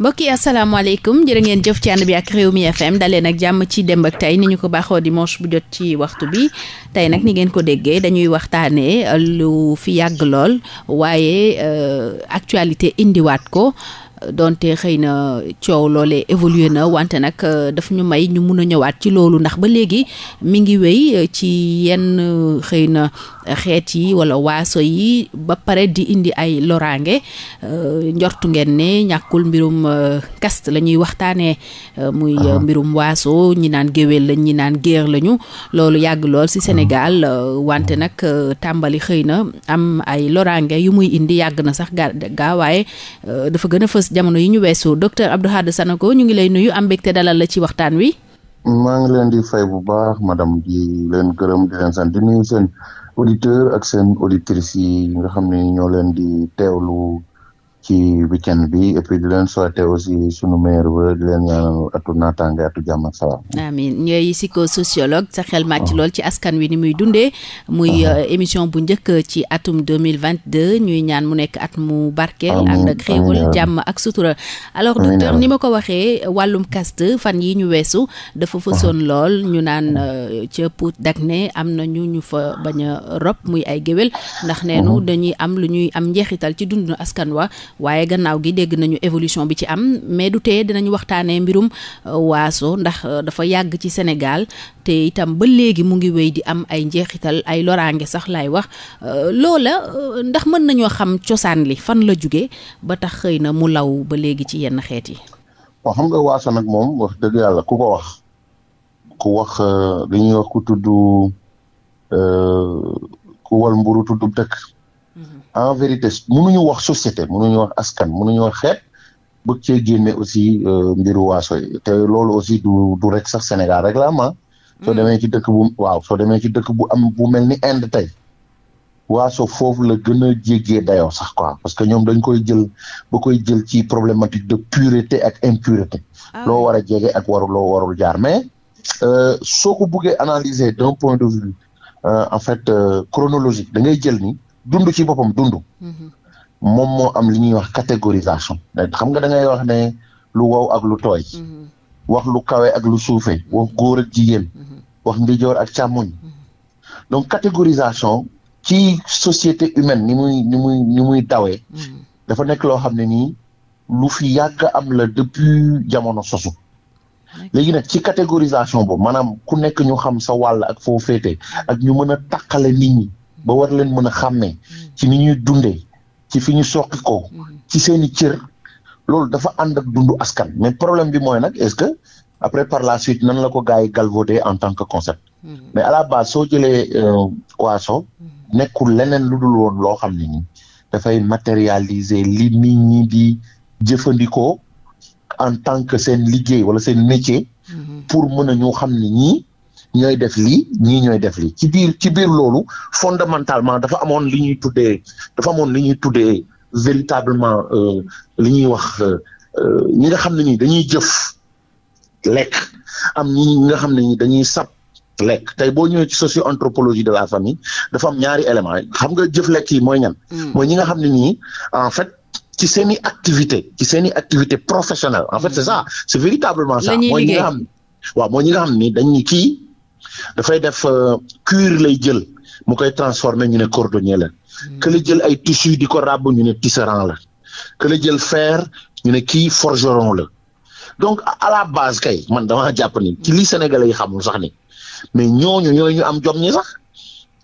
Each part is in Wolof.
mbokk yi asalaamaaleykum jërë ngeen jëf ci ànd bi ak réew Rewmi FM daleen ak jàmm ci démb ak tey ni ñu ko baaxoo dimanche bu jot ci waxtu bi tey nag ni ngeen ko déggee dañuy waxtaanee lu fi yàgg lool waaye euh, actualité indiwaat ko donte xëy na coow loole évolué na wante nag euh, daf ñu may ñu mun a ñëwaat ci loolu ndax ba léegi mu ngi wéy euh, ci yenn euh, xëy na xeet yi wala waaso yi ba pare di indi ay loraange njortu ngeen ne ñàkkul mbirum kast la ñuy waxtaanee muy mbirum waaso ñi naan géwél lañ ñi naan géer lañu loolu yàgg lool ci Sénégal wante nag tàmbali xëy na am ay loraange yu muy indi yàgg na sax gaa dafa gën a fës jamono yu ñu weesu docteur Abdou Khadre Sanoko ñu ngi lay nuyu am mbégte dalal la ci waxtaan wi. maa ngi leen di fay bu baax madame di leen gërëm di leen sant di seen auditeur ak seen auditrices yi nga xam ne ñoo leen di teewlu. ci weekend bi et puis di leen souhaiter aussi sunu meilleur vœu di leen ñaanal atu naataange atu jàmm ak salaam. amiin ñooy psychosociologue sa xel màcc oh. lool ci askan wi ni muy dundee. muy uh-huh. euh, émission bu njëkk ci atum deux mille vingt deux ñuy ñaan mu nekk at mu barke ànd ak xéewal jàmm ak sutura. alors docteur ni ma ko waxee wàllum caste fan yi ñu weesu. dafa fësoon uh-huh. lool ñu naan uh-huh. euh, ca Pout ne am na ñu ñu fa bañ a rob muy ay géwél ndax neenu dañuy am lu ñuy am njeexital ci dundu askan wa. waaye gannaaw gi dégg nañu évolution bi ci am mais du tee dinañu waxtaanee mbirum euh, waaso ndax euh, dafa yàgg ci Sénégal te itam ba léegi mu ngi wéy di am ay njeexital ay loraange sax laay wax euh, loola ndax mën nañoo xam cosaan li fan la jóge ba tax xëy na mu law ba léegi ci yenn xeet yi. waaw xam nga waaso nag moom wax dëgg yàlla ku ko wax. ku wax li ñuy wax ku tudd ku wal mburu tudd dëkk Mm-hmm. en vérité mënuñu wax société mënuñu wax askan mënuñu wax xeet bëgg ce génne aussi euh, mbiru waaso yi te loolu aussi du du rek sax Sénégal rek la am ah. mm-hmm. soo demee ci dëkk bu waaw soo demee ci dëkk bu am bu mel ni Inde tey waaso foofu la gën a jéggee dayoo sax quoi parce que ñoom dañ koy jël ba koy jël ci problématique de pureté ak impureté ah loo war a jege ak waru loo warul jaar mais euh, soo ko buggee analyser d'un point de vue euh, en fait chronologique da ngay jël ni dund ci boppam dund. Mm-hmm. moom moo am li ñuy wax catégorisation. xam nga da ngay wax ne lu waw ak lu tooy. Mm-hmm. wax lu kawe ak lu suufee. Mm-hmm. wax góor ak jigéen. wax ndijoor ak càmmoñ. donc catégorisation ci société humaine ni muy ni muy ni muy dawee. dafa nekk loo xam ne nii lu fi yàgg am la depuis jamono sosu. léegi nag ci catégorisation boobu maanaam ku nekk ñu xam sa wàll ak foo féete ak ñu mën a takkale nit ñi. ba war leen mën a xàmmee mm. ci ni ñuy dundee ci fi ñu soqi ko mm. ci seen i cër loolu dafa ànd ak dundu askan mais problème bi mooy nag est-ce que après par la suite nan la ko gars yi galvaudé en tant que concept mm. mais à soo jëlee waaso euh, nekkul leneen lu dul woon loo xam ne nii dafay matérialiser li nit ñi di jëfandikoo en tant que seen liggéey wala seen métier mm-hmm. pour mën a ñu xam ne ñii ñooy def lii ñii ñooy def lii ci biir ci biir loolu fondamentalement dafa amoon li ñuy tuddee dafa amoon li ñuy tuddee véritablement euh, li ñuy wax euh, ñi nga xam ne ñii dañuy jëf lekk am ñi nga xam ne ni dañuy sab lekk tey boo ñëwee ci socio anthropologie de la famille dafa am ñaari élément xam nga jëf lekk yi mooy ñan hmm. mooy ñi nga xam ne nii en fait ci seeni activité ci seeni activité professionnelle en fait c'est hmm. ça c'est véritablement ça mooy ñi nga xam ni dañu kii dafay def euh, cuir lay jël mu koy transformer ñu ne cordonnier la que hmm. la jël ay tissu di ko ràbb ñu ne tisserand la que la jël fer ñu ne kii forgeron la donc a la base kay man damaa jàpp ni ci li Sénégalais yi xamul sax ni mais ñooñu ñoo ñu am jom ñi sax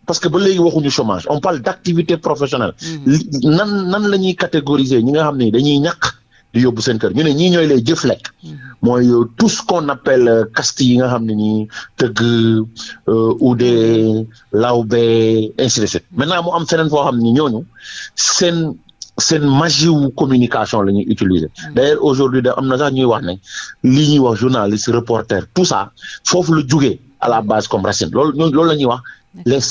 parce que ba léegi waxuñu chômage on parle d' activité professionnelle. Hmm. nan nan la ñuy catégoriser ñi nga xam ne dañuy ñàkk di yóbbu seen kër ñu ne ñii ñooy jëf jëflek mm-hmm. mooy euh, tout ce qu'on appelle euh, caste yi nga xam ne nii tëgg euh, uude lawbe ainsi de suite mm-hmm. maintenant mu am feneen foo xam ne ñooñu seen seen magie wu communication la ñuy utiliser mm-hmm. d'ailleurs aujourd'hui da am na sax ñuy wax ne li ñuy wax journaliste reporter tout ça foofu la jugee à la base comme racine loolu loolu la ñuy wax les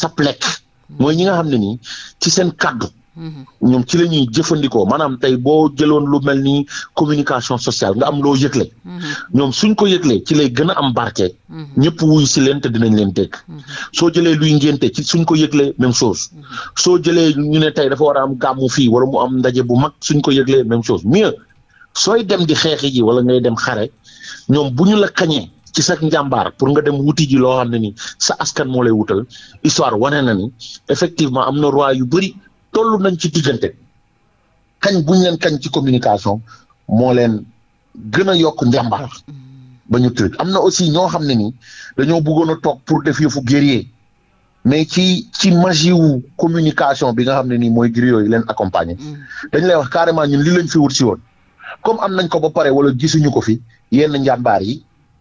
mooy ñi nga xam ne nii ci seen kaddu Mm-hmm. ñoom ci la ñuy jëfandikoo maanaam tey boo jëloon lu mel ni communication sociale nga am loo yëgle. Mm-hmm. ñoom suñ ko yëglee ci lay gën a am barke. Mm-hmm. ñëpp wuy si leen te dinañ leen dégg. soo jëlee luy ngénte ci suñ ko yëglee même chose. soo jëlee ñu ne tey dafa war a am gàmmu fii wala mu am ndaje bu mag suñ ko yëglee même chose mieux sooy dem di xeexi ji wala ngay dem xare ñoom bu ñu la kañee. ci sax njàmbaar pour nga dem wuti ji loo xam ne ni sa askan moo lay wutal histoire wane na ni effectivement am yu bëri toll nañ ci diggante kañ buñ leen kañ ci communication moo leen gën a yokk njàmbaar ba ñu tëj am na aussi ñoo xam ne ni dañoo bëggoon a toog pour def yëfu guerrier mais ci ci magie wu communication bi nga xam ne nii mooy griot yi leen accompagner mm. dañ lay wax carrément ñun li lañ fi wut si woon comme am nañ ko ba pare wala gisuñu ko fi yenn njàmbaar yi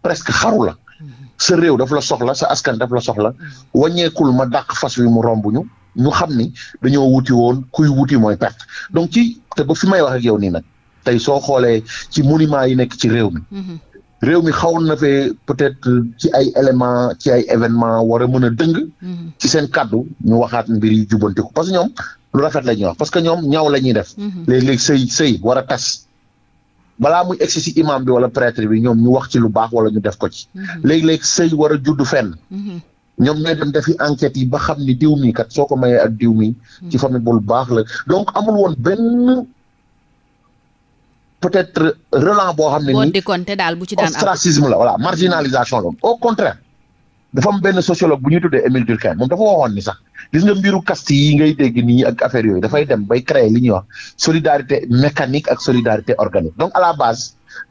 presque xaru la mm. sa réew daf la soxla sa askan daf la soxla mm. wàññeekul ma dàq fas wi mu rombuñu ñu xam ni dañoo wuti woon kuy wuti mooy perte donc ci te ba fi may wax ak yow nii nag tey soo xoolee ci monument yi nekk ci réew mi. Mm-hmm. réew mi xawoon na fee peut-être ci ay éléments ci ay événement war mën a dëng. Mm-hmm. ci seen kàddu ñu waxaat mbir yi jubbantiku parce que ñoom lu rafet la wax parce que ñoom ñaw la ñuy def. Mm-hmm. léeg-léeg sëy sëy war tas. balaa muy egsi si imam bi wala prêtre bi ñoom ñu wax ci lu baax wala ñu def ko ci. léeg-léeg sëy war a judd fenn. ñoom ñooy dem defi enquête yi ba xam ni diw mi kat soo ko mayee ak diw mi. Hmm. ci famille bu baax la donc amul woon benn peut-être relent boo xam ne. boo décompté daal bu ci am ostracisme la voilà marginalisation la au contraire. dafa am benn sociologue bu ñuy tuddee Émile Durkheim moom dafa waxoon ni sax gis nga mbiru caste yi ngay dégg nii ak affaire yooyu dafay dem bay créer li ñuy wax solidarité mécanique ak solidarité organique donc à la base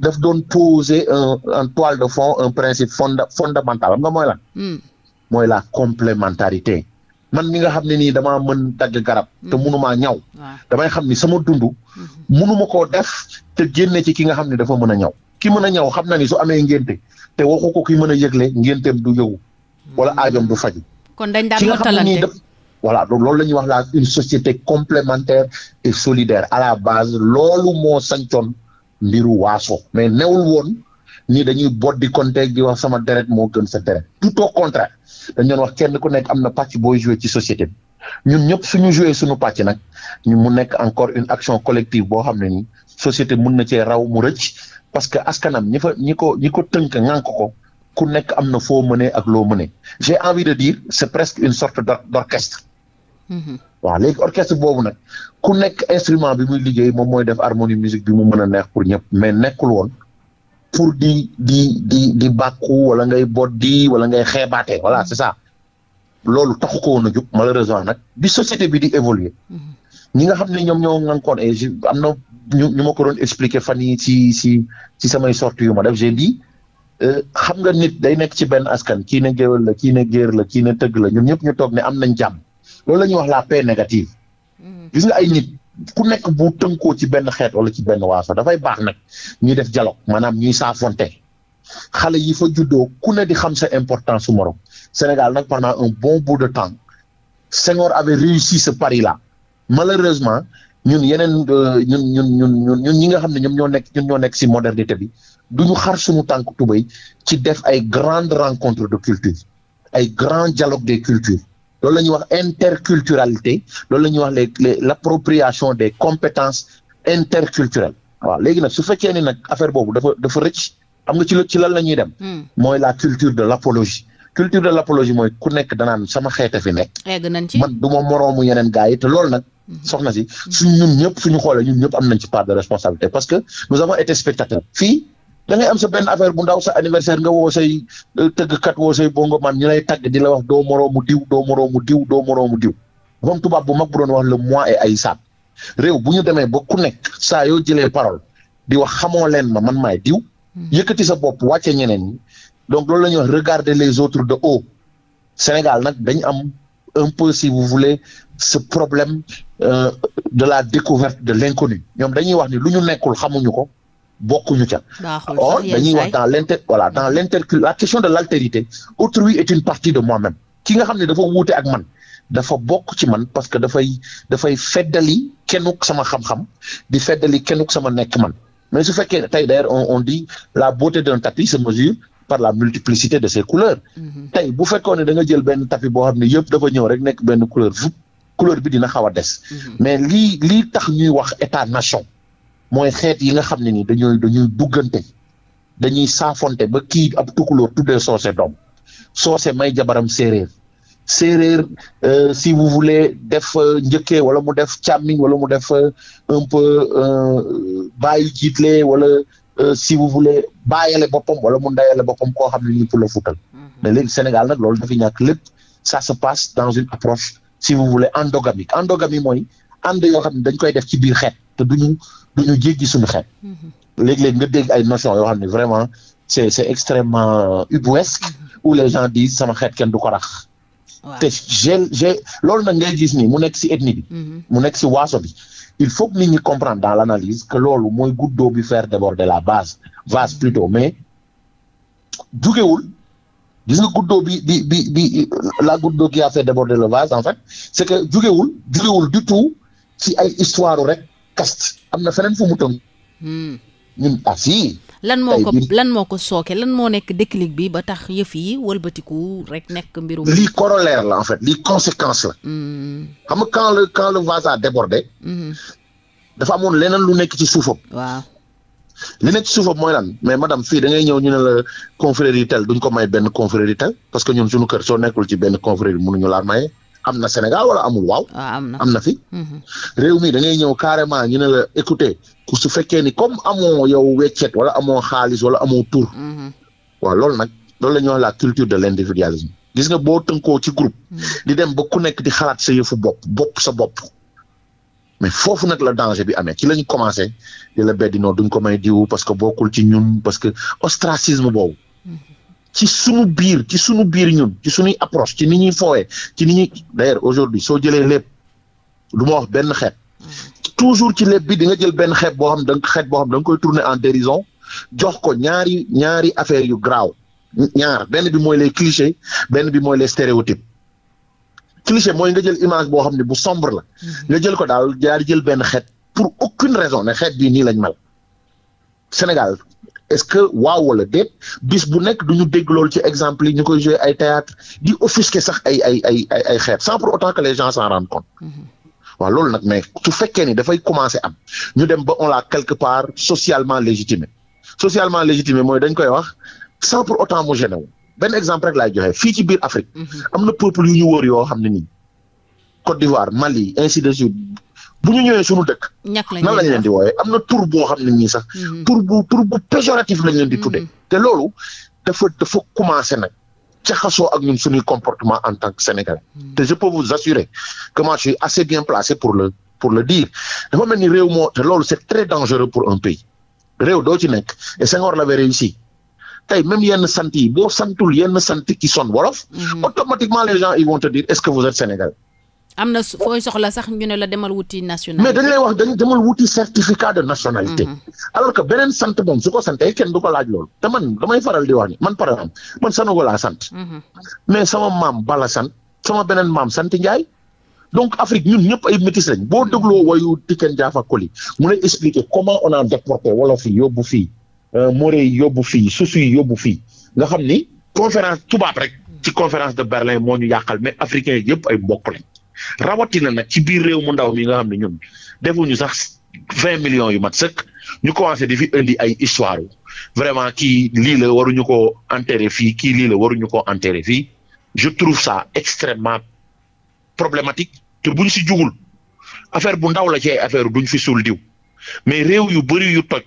def doon poser un un toile de fond un principe fonda fondamental xam nga mooy mooy la complémentarité man mi nga xam ne nii damaa mën dagg garab te mënumaa mm-hmm. ñaw damay xam ni sama dund mënuma mm-hmm. koo def te génne ci ki nga xam ne dafa mën a ñaw ki mën a ñaw xam na ni su amee ngénte te waxu ko ki mën a yëgle ngénteem du yëwu wala mm-hmm. aajom du faju kon dañ daan mottalante voilà loolu la ñuy wax la une société complémentaire et solidaire à la base loolu moo sancoon mbiru waaso mais newul woon ñii dañuy boot di konteeg di wax sama deret moo gën sa deret tout au contraire dañ wax kenn ku nekk am na pàcc booy joué ci société bi ñun ñëpp suñu joué suñu pàcc nag ñu mu nekk encore une action collective boo xam ne nii société mun na cee raw mu rëcc parce que askanam ñi fa ñi ko ñi ko tënk ŋànk ko ku nekk am na foo mënee ak loo mënee j'ai envie de dire c'est presque une sorte d'orchestre mm-hmm. waaw léegi orchestre boobu nag ku nekk instrument bi muy liggéey moom mooy def harmonie musique bi mu mën a neex pour ñëpp mais nekkul woon pour di di di di bàkku wala ngay boddi wala ngay xeebaate voilà c'est ça loolu taxu ko woon a jóg malheureusement nag bi société bi di évoluer mm-hmm. ñi nga xam ne ñoom ñoo ngankoon et je am na ñu ñu ma ko doon expliquer fan yi ci ci samay sorties yu ma def j'ai dit euh, xam nga nit day nekk ci benn askan kii ne géwél la kii ne géer la kii ne tëgg la ñun ñëpp ñu toog ne am nañ jàmm loolu la ñuy wax la paix négative mm-hmm. gis nga ay nit ku nekk bu tënkoo ci benn xeet wala ci benn waaso dafay baax nag ñuy def dialogue maanaam ñuy saafonte xale yi fa juddoo ku ne di xam sa important su morom Sénégal nag pendant un bon bout de temps Senghor avait réussi ce pari la malheureusement ñun yeneen euh, ñun ñun ñun ñun ñun ñi nga xam ne ñoom ñoo nekk ñun ñoo nekk si modernité bi duñu xar suñu tànk tubéy ci def ay grandes rencontres de culture ay grands dialogues de cultures loolu la ñuy wax interculturalité loolu la ñuy wax les les l' appropriation des compétences interculturelles waaw léegi nag su fekkee ni nag affaire boobu dafa dafa rëcc am nga ci ci lan la ñuy dem. Hmm. mooy la culture de l' apologie. culture de l' apologie mooy ku nekk danaan sama xeete fi nekk. egg nañ ci man du ma moroomu yeneen gars yi te loolu nag. Hmm. soxna si hmm. suñ ñun ñëpp suñu xoolee ñun ñëpp am nañ ci part de responsabilité parce que nous avons été spectateurs fii. da ngay am sa benn affaire bu ndaw sa anniversaire nga woo say euh, tëggkat woo say bongo man ñu lay tàgg di la wax doo moroomu diw doo moroomu diw doo moroomu diw dafa am tubaab bu mag bu doon wax le moi et Aïssa réew bu ñu demee ba ku nekk saa yoo jëlee parole di wax xamoo leen ma man maay diw hmm. yëkkati sa bopp wàcce ñeneen ñi donc loolu la ñuy wax regarder les autres de haut Sénégal nag dañu am un peu si vous sa problème euh, de la découverte de l'inconnu ñoom dañuy wax ni lu ñu nekkul xamuñu ko bokkuñu ca or dañuy wax dans l'inter voilà dans l'intercul la question de l'altérité autrui est une partie de mois même ki nga xam ne dafa wuute ak man dafa bokk ci man parce que dafay dafay feddali kennuk sama xam-xam di feddali kennuk sama nekk man mais su fekkee tey d'ailleurs on on dit la beauté d'un tapis se mesure par la multiplicité de se couleurs mhm. tey bu fekkoon ne da jël benn tapis boo xam ne yëpp dafa ñëw rek nekk benn couleur fu couleur bi dina xaw a des mhm. mais lii lii tax ñuy wax état mooy xeet yi nga xam ne ni dañuy dañuy duggante dañuy saafonte ba kii ab tukulóor tuddee soose doom soose may jabaram séeréer séeréer euh, si vous def euh, njëkkee wala mu def càmmiñ wala mu def euh, un peu euh, baayu jiitlee wala euh, si vous voulez baayale boppam wala mu ndayale boppam koo xam ne nii pour la fuutal mm-hmm. mais léegi Sénégal nag loolu dafa ñàkk lépp ça se passe dans une approche si vous voulez endogamique endogamie mooy ànd yoo dañ koy def ci biir xeet te duñu du ñu jéggi suñu xel. Mhm. léeg-léeg nga dégg ay notion yoo xam ne vraiment c'est c'est extrêmement euh, ubuesque mhm. où les gens disent sama xeet kenn du ko rax. te j'ai j'ai loolu nag ngay gis ni mu nekk ci ethnie bi. Mhm. mu nekk ci waaso bi. il faut que nit ñi comprendre dans l'analyse que loolu mooy guddoo bi faire déborder la base vase plutôt mais jugewul gis nga guddoo bi bi bi bi la guddoo qui a le vase en que jugewul jugewul du tout ci ay histoire rek. caste am na feneen fu mu tënk. Hmm. ñun ah si. lan moo ko lan moo ko sooke lan moo nekk déclic bi ba tax yëf yi wëlbatiku rek nekk mbirum. lii corollaire la en fait lii conséquence la. Hmm. xam nga quand le quand le vase a débordé. Hmm. dafa amoon leneen lu nekk ci suufam. waaw li nekk ci suufam mooy lan mais madame fii da ngay ñëw ñu ne la confrérie tel duñ ko may benn confrérie tel parce que ñun suñu kër soo nekkul ci benn confrérie mënuñu laa maye. am na Sénégal wala amul waaw. Ah, am na am na fi. Mhm. réew mi da ngay ñëw carrément ñu ne la écoutez ku su fekkee ni comme amoo yow weccet wala amoo xaalis wala amoo tur. Mhm. waaw loolu nag loolu la ñuy la culture de l'individualisme. gis nga boo tënkoo ci groupe. Mhm. di dem ba ku nekk di xalaat sa yëfu bopp bopp sa bopp. mais foofu nag la danger bi amee ci la ñu commencé di la beddi duñ ko may diw parce que bokkul ci ñun parce que ostracisme boobu. ci sunu biir ci sunu biir ñun ci sunuy approche ci ni ñuy foowee ci ni ñuy d'ailleurs aujourd'hui soo jëlee lépp du ma wax benn xeet toujours ci lépp bi di nga jël benn xeet boo xam da nga xeet boo xam da koy tourner en dérision jox ko ñaari ñaari affaire yu graaw ñaar benn bi mooy les clichés benn bi mooy les stéréotypes cliché mooy nga jël image boo xam ne bu sombre la mm-hmm. nga jël ko daal jaar jël benn xeet pour aucune raison ne xeet bii nii lañ mel Sénégal est-ce que waaw wala déet bis bu nekk du ñu dégg loolu ci exemple yi ñu koy joué ay théâtre di offusquer sax ay ay ay ay ay xeet sans pour autant que les gens en rendent compte. Mm-hmm. waaw loolu nag mais su fekkee ni dafay commencer am ñu dem ba on l'a quelque part socialement légitimé socialement légitimé mooy dañ koy wax sans pour autant mu gêné wu benn exemple rek laay joxe fii ci biir Afrique. Mm-hmm. am na peuple yu ñu wër yoo xam ne nii. Côte d'Ivoire Mali ainsi de suite bu ñu ñëwee suñu dëkk. ñàkk lañ nan lañ leen di wooyee am na tur boo xam ne nii sax. Mhm. tur bu tur péjoratif lañ leen di tuddee. Mhm. te loolu dafa dafa commencé nag caxasoo ak ñun suñuy comportement en tant que sénégalais. Mhm. te je peux vous assurer que moi suis assez bien placé pour le pour le dire dafa mel ni réew moo te loolu c'est très dangereux pour un pays réew doo ci nekk et Senghor l'avait réussi. tey même yenn sant yi boo santul yenn sant ki son wolof. automatiquement les gens am na fooy soxla sax ñu ne la demal wuti nationalité. mais dañ lay wax dañ demal wuti certificat de nationalité. Mm-hmm. alors que beneen sant moom su ko santee kenn du ko laaj loolu. te man damay faral di wax ni man par exemple man Sanogo laa sant. Mm-hmm. mais sama maam Bala sant sama beneen maam sant Ndiaye. donc Afrique ñun ñëpp ay métis lañ boo dégloo wayu Tiken Jaffa Coly mu lay expliquer comment on a déporté wolof yi yóbbu fii euh, Moré yi yóbbu fii Susu yi yóbbu fii nga xam ni conférence tubaab rek ci conférence de Berlin moo ñu yàqal mais africain yëpp ay mbokk lañ. rawatina nag ci biir réew mu ndaw mi nga xam ne ñun defuñu sax vingt millions yu mat sëkk ñu commencé di fi indi ay histoire vraiment kii lii la waruñu ko enterrer fii kii lii la waruñu ko enterrer fii je trouve ça extrêmement problématique te buñ si jugul affaire bu ndaw la ci ay affaire duñ fi suul diw mais réew yu bëri yu toj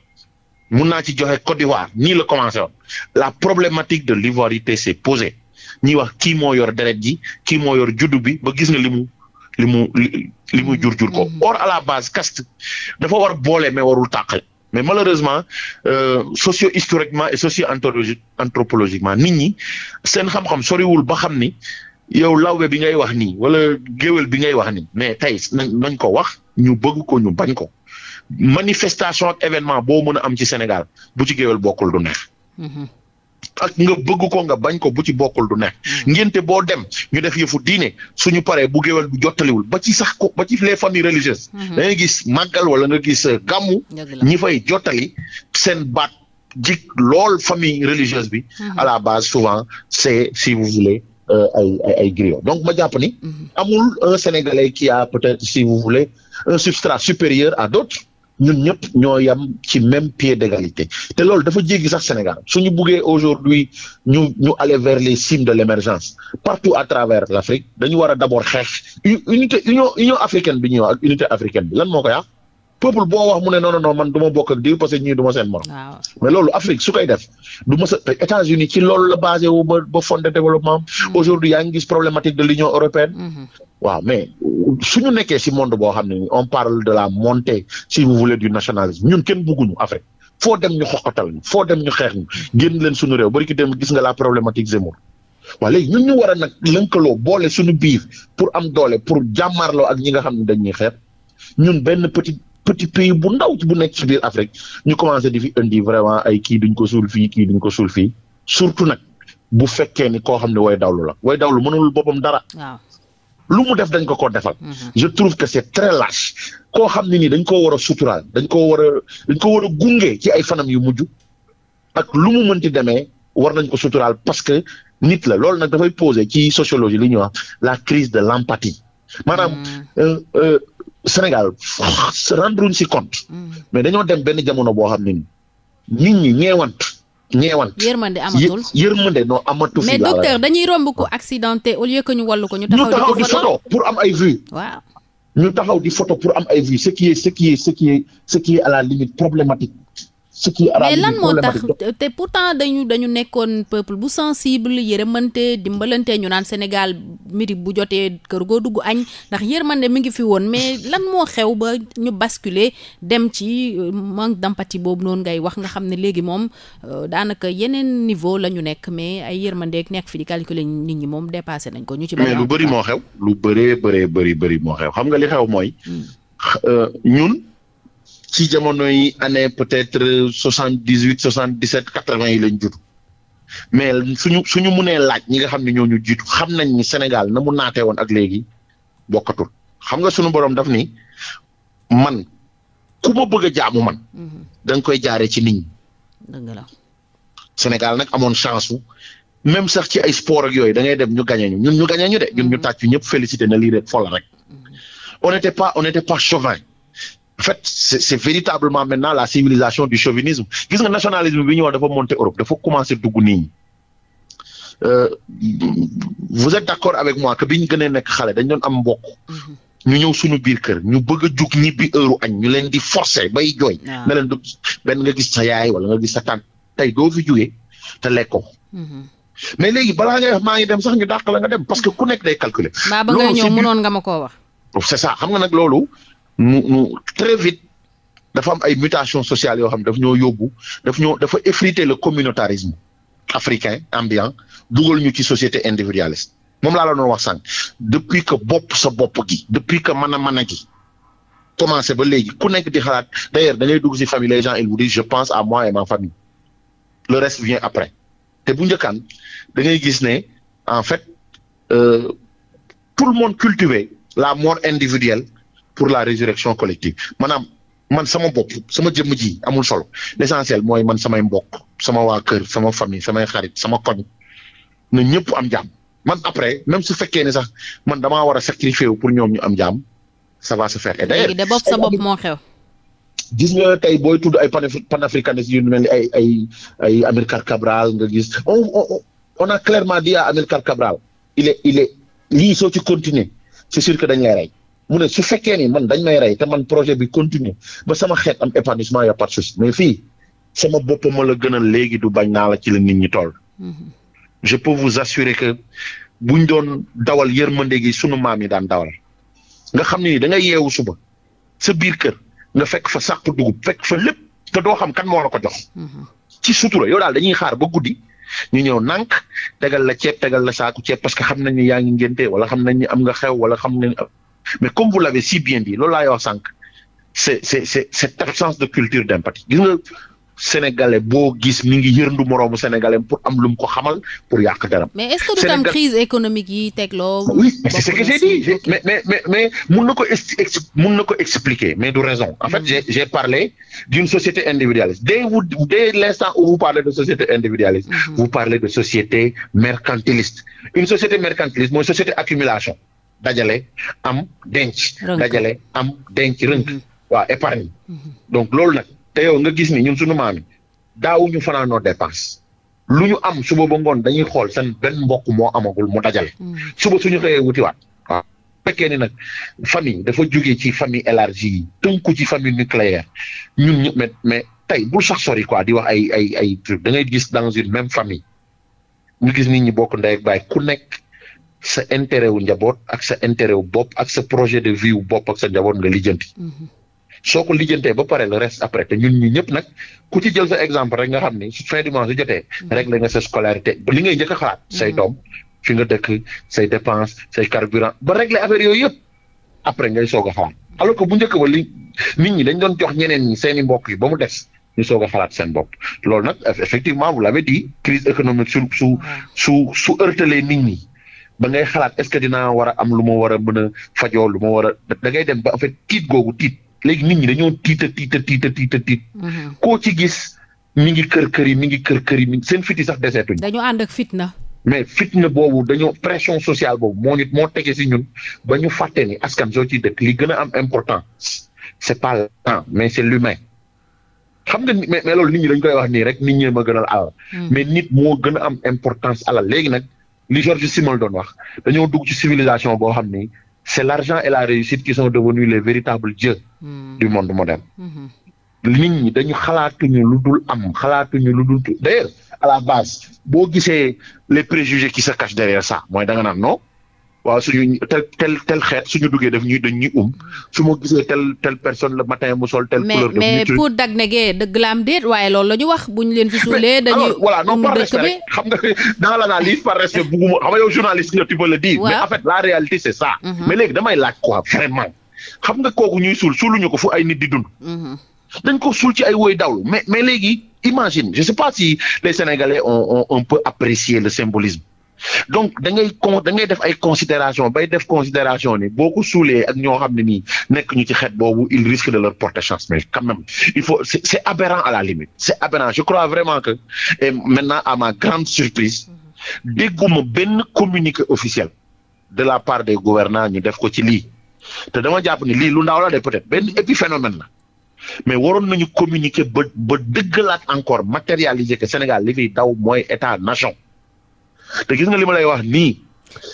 mun naa ci joxe Côte d'Ivoire nii la commencé woon la problématique de l'ivoirité s'est posée ñuy wax kii moo yor deret ji ki moo yor juddu bi ba gis na limu li mu li mu jur jur ko mm-hmm. or à la base caste dafa war boole mais warul tàqale mais malheureusement euh, socio historiquement et socio anthropologiquement nit ñi seen xam-xam soriwul ba xam ni yow lawbe bi ngay wax nii wala géwél bi ngay wax nii mais tey nañ ko wax ñu bëgg ko ñu bañ ko manifestation ak événement boo mën a am ci Sénégal bu ci géwél bokkul du neex. Mm-hmm. ak nga bëgg ko nga bañ ko bu ci bokkul du nekk. Hmm. ngénte boo dem ñu def yëfu diine suñu paree bu géwél bu jottaliwul ba ci sax ko ba ci les familles religieuses. Hmm. Hmm. da ngay gis màggal wala nga gis euh, gàmmu. ñi fay jottali seen baat jik lool famille religieuse bi. à la base souvent c'est si vous voulez. Euh, ay ay ay griot donc ma jàpp ni. amul un sénégalais qui a peut-être si vous voulez un substrat supérieur à d'autres. ñun ñëpp ñoo yam ci même pied d'égalité te loolu dafa jéggi sax Sénégal ñu buggee aujourd'hui ñu ñu aller vers les cimes de l'émergence partout à travers l'Afrique dañu war a d'abord xeex unité union union africaine bi ñuy wax ak unité africaine bi lan moo koy yàq peuple boo wax mu ne non non man du ma bokk ak diw parce que ñii du seen morom. mais loolu Afrique su koy def du ma États-Unis ci loolu la basé wu ba ba fond de développement. Mm-hmm. aujourd'hui yaa ngi problématique de mm-hmm. su ñu nekkee si monde boo xam ne on la montée si vous voulez dem gis nga la problématique Zemmour. waaw léegi ñun ñu war a boole suñu biir pour am doole pour jàmmaarloo ak ñi nga xam ne dañuy xeet ñun benn petit petit pays bu ndaw bu nekk ci biir Afrique ñu commencé di fi indi vraiment ay kii duñ ko suul fii kii duñ ko suul fii surtout nag bu fekkee ni koo xam ne way dawlu la way dawlu mënul boppam dara. lu mu def dañ ko ko defal. Mhm. je trouve que c'est très lâche. koo xam ne nii dañ koo war a suturaal dañ koo war a war gunge ci ay fanam yu mujj ak lu mu mënti demee war nañ ko suturaal parce que nit la loolu nag dafay poser ci sociologie li ñuy wax la crise de l'empathie. maanaam. Mhm. Euh, euh, Sénégal se rendre wuñ si mm. mais dañoo dem benn jamono boo xam ne nit ñi ñeewant. ñeewant yërmande amatul yërmande non amatu. fi mais docteur dañuy romb ko accidenté au lieu que ñu wallu ko ñu. taxaw di photo pour am ay vues. ñu taxaw di photo pour am ay vues ce qui est ce qui est ce qui est ce qui est à la limite problématique. ce qui mais lan moo tax te pourtant dañu dañu nekkoon peuple bu sensible yërëmante dimbalante ñu naan Sénégal midi bu jotee kër goo dugg añ ndax yërmande mi ngi fi woon mais lan moo xew ba ñu basculer dem ci euh, manque d'empathie boobu noonu ngay wax nga xam ne léegi moom euh, daanaka yeneen niveau la ñu nekk mais ay yërmandeek nekk fi di calculer nit ñi moom dépassé nañ ko ñu ci mais lu bëri moo xew lu bëree bëree bëri bëri moo xew xam nga li xew mooy hmm. euh, ñun ci jamonoy année peut-être soixante dix huit soixante dix sept quatre vingt yi lañ judd mais suñu suñu mënee laaj ñi nga xam ne ñooñu jiitu xam nañ ni Sénégal na mu naatee woon ak léegi bokkatul xam nga suñu borom daf ni man ku ma bëgg a jaamu man. Mhm. da nga koy jaare ci nit ñi. dëgg la Sénégal nag amoon chance wu même sax ci a sport ak yooyu da ngay dem ñu gagné ñu ñun ñu gagné ñu de. ñun ñu mhm. tàcc ñëpp félicité na lii rek fola rek. Mhm. on n'était pas on n'était en fait c'est véritablement maintenant la civilisation du chauvinisme gis nga nationalisme bi ñu wax dafa monter Europe dafa commencer dugg nit euh, vous êtes d'accord avec moi que bi ñu gënee nekk xale dañ doon am mbokk mm-hmm. ñu ñëw suñu biir kër ñu bëgg a jug ñibbi heure añ ñu leen di forcer bay jooy ah. na leen du benn nga gis sa yaay wala nga gis sa tànk tey doo fi juge te lekko mm-hmm. mais léegi balaa ngay wax maa ngi dem sax ñu dàq la nga dem parce que ku nekk day calculer. loolu ba nga ñëw nga ma koo wax. c'est xam nga nag loolu nu nu très vite dafa am ay mutations sociales yoo xam daf ñoo yóbbu daf ñoo dafa effriter le communautarisme africain ambiant dugal ñu ci société individualiste moom laa la doon wax sànq depuis que bopp sa bopp gi depuis que mën a mën a gi commencé ba léegi ku nekk di xalaat d'ailleurs da ngay dugg si famille les gens ils vous je pense à moi et ma famille le reste vient après te bu njëkkaan da ngay gis ne en fait euh, tout le monde cultivait la mort individuelle pour la résurrection collective maanaam man sama bopp sama jëmm ji amul solo l'essentiel mooy man samay mbokk sama waa kër sama famille samay xarit sama koñ na ñëpp am jàmm man après même su fekkee ne sax man damaa war a sacrifier pour ñoom ñu am jàmm ça va se faire et d'ailleurs de bopp sa bopp moo xew gis nga tey booy tudd ay panafricanistes yu mel ni ay ay ay Amilcar Cabral nga gis on on a clairement dit à Amilcar Cabral il est il lii soo ci continuer c'est sûr que dañ lay rey mu ne su fekkee ni man dañ may rey te man projet bi continuer ba sama xeet am épanouissement ya a pas de souci mais fii sama boppam la gënal léegi du bañ naa la ci la nit ñi toll. Mm-hmm. je peux vous assurer que buñ doon dawal yërmande gi sunu maam yi daan dawal nga xam ni da ngay yeewu suba sa biir kër nga fekk fa sàq dugub fekk fa lépp te doo xam kan moo la ko jox. Mm-hmm. ci sutura yow daal dañuy xaar ba guddi. ñu ñëw nànk tegal la ceeb tegal la saaku ceeb parce que xam nañ ne yaa ngi ngénte wala xam nañ ne am nga xew wala xam nañ mais comme vous l'avez si bien dit loolu laa sànq c'est c'est c'est cette absence de culture d'empathie gis nga boo gis mi ngi yërndu moroomu sénégalais pour am lu mu ko xamal pour yàq dara. mais est-ce que du yi tegloo. oui c'est j'ai dit mais mais mais mun na ko ex mun na ko expliquer mais du raison. en fait mm. j'ai j'ai parlé d'une société individualiste dès vous dès l'instant où vous parlez de société individualiste. Mm -hmm. vous parlez de société mercantiliste. une société mercantiliste mooy société accumulation. dajale am denc. dajale am denc rënk. Mhm. waa épargne. Mhm. donc loolu nag te yow nga gis ni ñun suñu maam yi daawuñu fanaanoo dépense. lu ñu am suba ba ngoon dañuy xool seen benn mbokk moo amagul mu dajale. Mhm. suba suñu xëyee wutiwaat. waaw bu nag famille dafa jógee ci famille élargie yi tënku ci famille nucléaire ñun ñu mais mais tey bul sax sori quoi di wax ay ay ay truc da ngay gis dans une même famille ñu gis nit ñi bokk ndey ak baay ku nekk. sa intérêt wu njaboot ak sa intérêt wu bopp ak sa projet de vie wu bopp ak sa njaboot nga lijjanti. soo ko lijjantee ba pare le reste après te ñun ñu ñëpp nag ku ci jël sa exemple rek nga xam ni fin du mois su jotee. Mm-hmm. rek la nga sa scolarité li ngay jëkk a xalaat. say mm-hmm. doom fi nga dëkk say dépense say carburant ba régler affaire yooyu yëpp après ngay soog a xalaat alors bu njëkk ba li nit ñi dañ doon jox ñeneen ñi seen i mbokk yi ba mu des ñu soog a xalaat seen bopp loolu nag effectivement vous l'avez dit crise économique su su su su heurtelee nit ñi. ba ngay xalaat est-ce que dinaa war a am lu ma war a mën a fajoo lu ma war a da ngay dem ba en fait tiit googu tiit léegi nit ñi dañoo tiita tiita tiita tiita tiit mm-hmm. koo ci gis mi ngi kër kër yi mi ngi kër kër yi mi seen fit yi sax deseetuñ dañu ànd ak fitna mais fitna boobu dañoo pression sociale boobu moo nit moo tege si ñun ba ñu fàtte ni askan soo ci dëkk li gën a am important c'est pas le temps mais c'est l'humain xam nga mais mais loolu nit ñi dañ koy wax nii rek nit ñi ma gënal alal mm. mais nit moo gën a am importance alal léegi nag li George Simmel doon wax dañoo dugg civilisation boo xam ni c'est l'argent et la réussite qui sont devenus les véritables dieux hmm. du monde moderne hmm. nit ñi dañu xalaatuñu lu dul am xalaatuñu lu dul d'ailleurs à la base boo gisee les préjugés qui se cachent derrière ça mooy da naan non waaw suñu tel tel tel xeet suñu duggee def ñuy dañ ñuy um su ma gisee tel telle personne le matin mu sol telle couleur de mais pour dag negee ñu leen fi suulee dañuy um par respect rek xam nga yow journaliste nga tu peux le dire mais en la réalité c'est ça mhm. mais léegi damay laaj quoi xam nga kooku ñuy suul suuluñu ko fu ay nit di dund mhm. dañ ko suul ci ay woy dawlu mais mais léegi imagine je sais pas si les Sénégalais ont ont un le symbolisme donc da ngay con da ngay def ay considération bay def considération ni boo ko suulee ak ñoo xam ne nii nekk ñu ci xeet boobu il risque de leur porter chance mais quand même il faut c' est, c' est aberrant à la limite c' est aberrant je crois vraiment que et maintenant à ma grande surprise dégguma benn communiqué de la part des ñu def ko ci lii te dama jàpp ni lii lu ndaw la de peut être benn épiphénomène na mais waroon nañu communiquer ba ba dëggalaat encore matérialiser que Sénégal li fiy daw mooy état nation te gis nga li ma lay wax nii.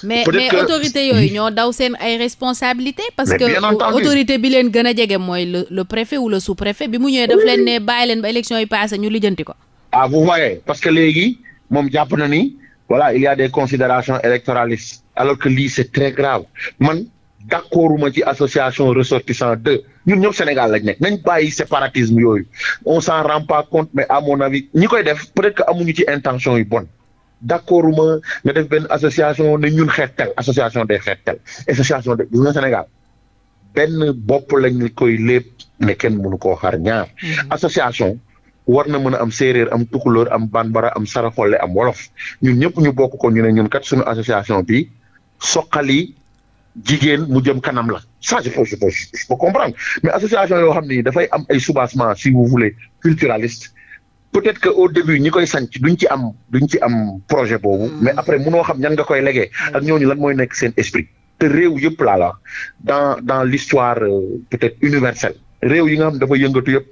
mais mais autorité yooyu ñoo daw seen ay responsabilité parce que autorité bi leen gën a jege mooy le le préfet ou le sous préfet bi mu ñëwee daf leen ne bàyyi leen ba élection yi passé ñu lijjanti ko. ah vous voyez parce que léegi moom jàpp na ni voilà il y a des considérations électoralistes alors que lii c'est très grave man d'accord ma ci association ressortissant de ñun ñëpp Sénégal lañ nekk nañ bàyyi séparatisme yooyu on s'en rend pas compte mais à koy def peut-être que ci intention yu bonne d'accord ma nga def benn association ne ñun xeet tel association des xeet tel association de ñun Sénégal benn bopp lañu koy lépp ne kenn mënu koo xar ñaar. Mm-hmm. association war na mën a am séeréer am tukulóor am banbara am saraxole am wolof ñun ñëpp ñu bokk ko ñu ne ñun kat suñu association bi soqali jigéen mu jëm kanam la ça je peux je peux comprendre mais association yoo xam ni dafay am ay soubassement si vous voulez peut-être que au début ñi koy sanc duñ ci am duñ ci am projet boobu. Hmm. mais après mënoo xam ñan nga koy legee. ak hmm. ñooñu lan moy nekk seen esprit. te réew yëpp laa la dans dans l'histoire euh, peut-être universelle réew yi nga xam dafa yëngatu yëpp.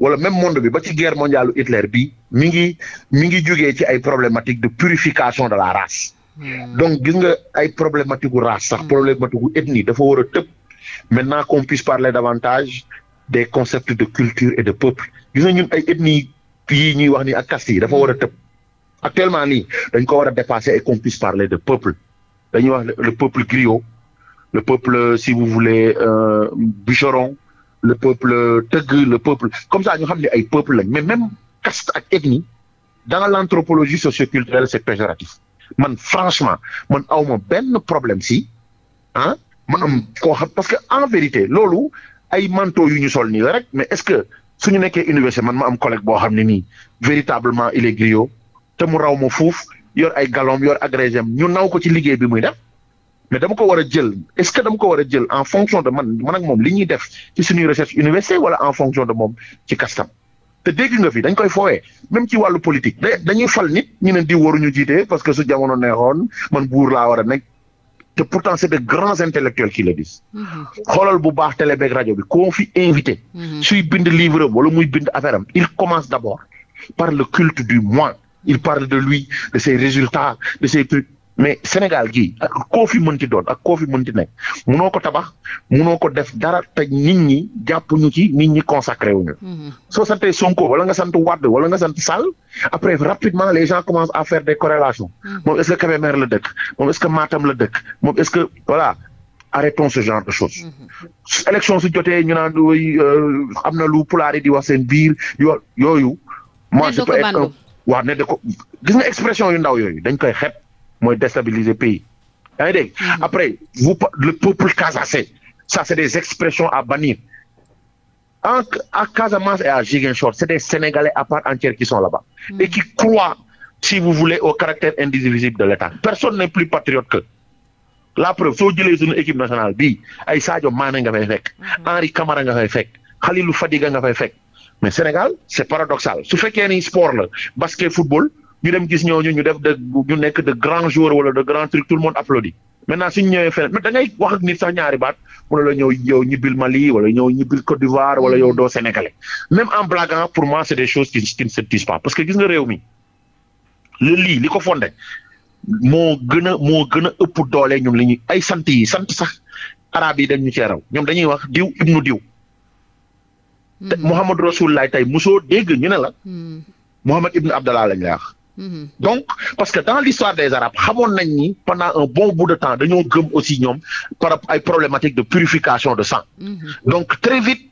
wala même monde bi ba ci guerre mondiale Hitler bi mi ngi mi ngi jugee ci ay problématique de purification de la race. Mm. donc gis nga ay problématique gu race sax hmm. problématique gu ethnie dafa war a tëb. maintenant qu'on puisse parler davantage des concepts de culture et de peuple gis nga yii ñuy wax ni a caste yi dafa war a tëb actuellement ni dañ ko war a dépasser et qu'on puisse parler de peuple dañuy wax le peuple griot le peuple si vous voulez euh, bûcheron le peuple tëgg le peuple comme ça ñu xam ne ay peuple lañ mais même caste ak ethnie dans l'anthropologie socioculturelle c'est péjoratif man franchement man awma benn problème si ah man am koo xam parce que en vérité loolu ay manteau yu ñu sol nii la rek mais est-ce que su ñu nekkee université man ma am collègue boo xam ne nii véritablement il est te mu raw ma fuuf yor ay galom yor agrégé am ñu naw ko ci liggéey bi muy def mais dama ko war a jël est-ce que dama ko war a jël en fonction de man man ak moom li ñuy def ci suñuy recherche université wala en fonction de moom ci kastam te dégg nga fi dañ koy foowee même ci wàllu politique dañuy fal nit ñu ne di waruñu jiite parce que su jamono neexoon man buur laa war a nekk te pourtant c' est de grands intellectuels qui le disent. Mm-hmm. xoolal bu baax télé beeg rajo bi koo fi invité. Mm-hmm. suy bind livre am wala muy bind il commence d' par le culte du moi. il parle de lui de ses résultats de ses trucs mais Sénégal gii ak koo fi mënti doon ak koo fi mënti nekk munoo ko tabax munoo ko def dara te nit ñi jàpp ñu ci nit ñi consacré wuñu mhm. soo santee Sonko wala nga sant Wade wala nga sant Sall après rapidement les gens commencent à faire des corrélations mhm. moom est-ce que Kébémer la dëkk moom est-ce que Matam la dëkk moom est-ce genre de choses mhm. élection su jotee ñu naan euh, am na lu pulaar yi di wax seen biir yo yooyu moi je peux être waaw ne da expression yu ndaw yooyu dañ koy xeeb mooy déstabiliser pays yaa ngi dégg mm-hmm. après vous le peuple casassais ça c'est des expressions à bannir en à Casamance et à Ziguinchor c'est des Sénégalais à part entière qui sont là-bas mm-hmm. et qui croient si vous voulez au caractère indivisible de l'État personne n'est plus patriote que la preuve soo jëlee suñu équipe nationale bii ay Sadio Mané nga fay fekk mm-hmm. Henri Camara nga fay fekk Khalilou Fadiga nga fay fekk mais Sénégal c'est paradoxal su fekkee ni sport la ñu dem gis ñooñu ñu def de ñu nekk de grands joueurs wala de grands trucs tout le monde applaudit maintenant suñu ñëwee feneen mais da wax ak nit sax ñaari baat mu ne la ñëw yow ñibbil Mali wala ñëw ñibbil Côte d'Ivoire wala yow doo sénégalais même en blaguant pour moi c'est des choses qui qui ne se disent pas parce que gis nga réew mi li lii li ko fondé moo gën a moo gën a ëpp doole ñun li ñuy ay sant yi sant sax arab yi dañu cee raw ñoom dañuy wax diw ibnu diw. te Mouhamadou mm-hmm. Rasoul laay tey mosoo dégg ñu ne la. Mouhamad mm-hmm. ibnu Abdallah lañ lay wax. Mmh. donc parce que dans l'histoire des arabes xamoon nañ ni pendant un bon bout de temps dañoo gëm aussi ñoom par ay problématique de purification de sang mmh. donc très vite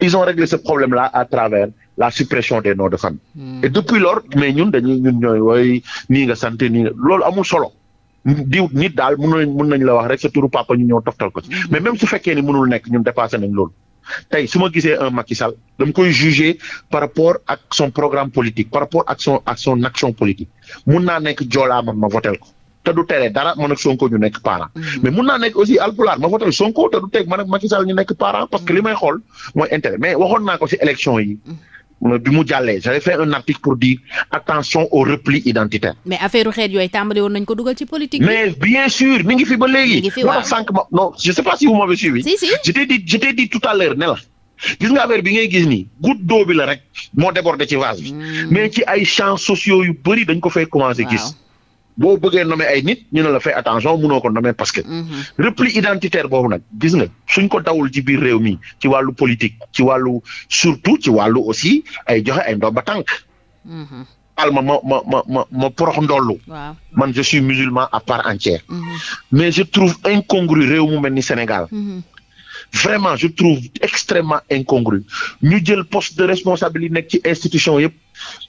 ils ont réglé ce problème là à travers la suppression des noms de famille mm-hmm. et depuis lors mais ñun dañuy ñun ñooy wooy nii nga sant nii nga loolu amul solo diw nit daal mën nañ la wax rek sa papa ñu ñëw toftal ko ci mm-hmm. mais même su fekkee ni mënul nekk ñun dépassé nañ loolu tey su ma gisee un Macky Sall dama koy juger par rapport ak son programme politique par rapport ak son ak son action politique mun naa nekk joolaa man ma votel ko te du tere dara man ak Sonko ñu nekk parent mhm. mais mun naa nekk aussi alpulaar ma votel Sonko te du teg man ak ñu nekk parent parce que mhm. li may xool mooy intérêt mais waxoon ko ci élection yi mhm. Euh, bi mu jàllee j'avais fait un article pour dire attention au repli identitaire. mais affaire xeet yooyu tàmbali woon nañu ko dugal ci politique. mais bien sûr mi ngi fi ba léegi. mi ngi fi waaw sànq ma non je sais pas si vous m'avez suivi. si je t'ai dit tout à l'heure ne gis nga affaire bi ngay gis ni goutte d'eau bi la rek moo déborder ci vase bi. Hmm. mais ci ay champs sociaux yu bëri dañ ko fee commencer gis. boo bëggee nommer ay nit ñu ne la fay attention mënoo ko nommer parce que. Mhm. repli identitaire boobu na gis nga suñ ko dawul ci biir réew mi ci wàllu politique ci wàllu surtout ci wàllu aussi ay joxe ay ndomba tànk. Mhm. al ma ma ma ma ma porox ndollu. man je suis musulman à part entière. Mhm. mais je trouve incongru réew mu mel ni Sénégal. vraiment je trouve extrêmement incongru ñu jël poste de responsabilité nekk ci institution yëpp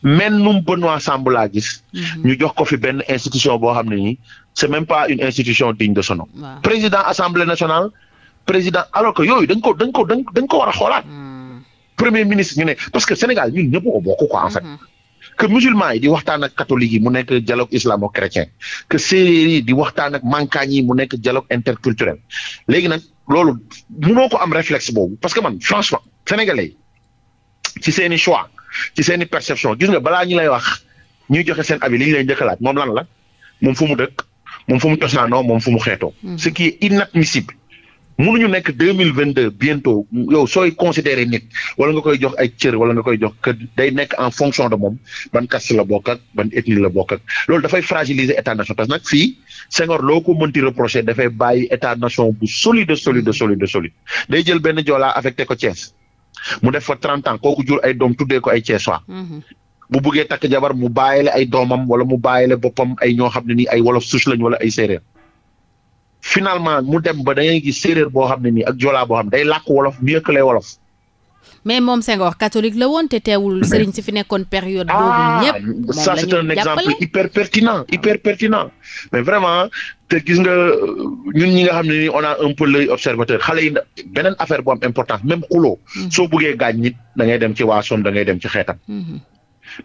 même num Benoît Sambou laa gis. Mhm. ñu jox ko fi benn institution boo xam ne nii c'est même pas une institution digne de son président assemblée nationale président alors que yooyu dañ ko dañ ko dañ ko war a xoolaat. Hmm. premier ministre ñu ne parce que Sénégal ñun ñëpp ko bokk quoi en fait. Mhm. que musulman yi di waxtaan ak catholique yi mu nekk dialogue islamo-chrétien que séeréer yi di waxtaan ak mankañ yi mu nekk dialogue interculturel léegi nag. loolu mënoo ko am réflexe boobu parce que man franchement sénégalais ci seeni choix ci seeni perception gis nga balaa ñu lay wax ñuy joxe seen avis li ñu lay njëkkalaat moom lan la moom fu mu dëkk moom fu mu cosaanoo moom fu mu xeetoo. Hmm. ce qui est inadmissible. ñu nekk deux mille vingt deux bientôt yow sooy considéré nit wala nga koy jox ay cër wala nga koy jox que day nekk en fonction de moom ban caste la bokk ak ban ethnie la bokk ak loolu dafay fragiliser état nation parce que nag fii Senghor loo ko mënti reproché dafay bàyyi état nation bu solide solide solide solide day jël benn joola affecté ko Thiès mu def fa trente ans kooku jur ay doom tuddee ko ay Thiès waa mm-hmm. bu buggee takk jabar mu bàyyile ay doomam wala mu bàyyile boppam ay ñoo xam ne nii ay wolof souche lañ wala ay séeréer finalement mu dem ba da ngay gis séeréer boo xam ne nii ak jola boo xam day làkk wolof mieux que les wolof. mais moom Senghor catholique la woon te teewul sëriñ si fi nekkoon période. Ah, boobu ñëpp moom la ça c'est un exemple hyper ah. mais vraiment gis nga euh, ñun ñi nga xam ne nii on a un peu l'œil observateur xale yi beneen affaire bo am importance même xuloo. Mm-hmm. soo buggee gaañ nit da ngay dem ci waasoom da ngay dem ci xeetam. Mm-hmm.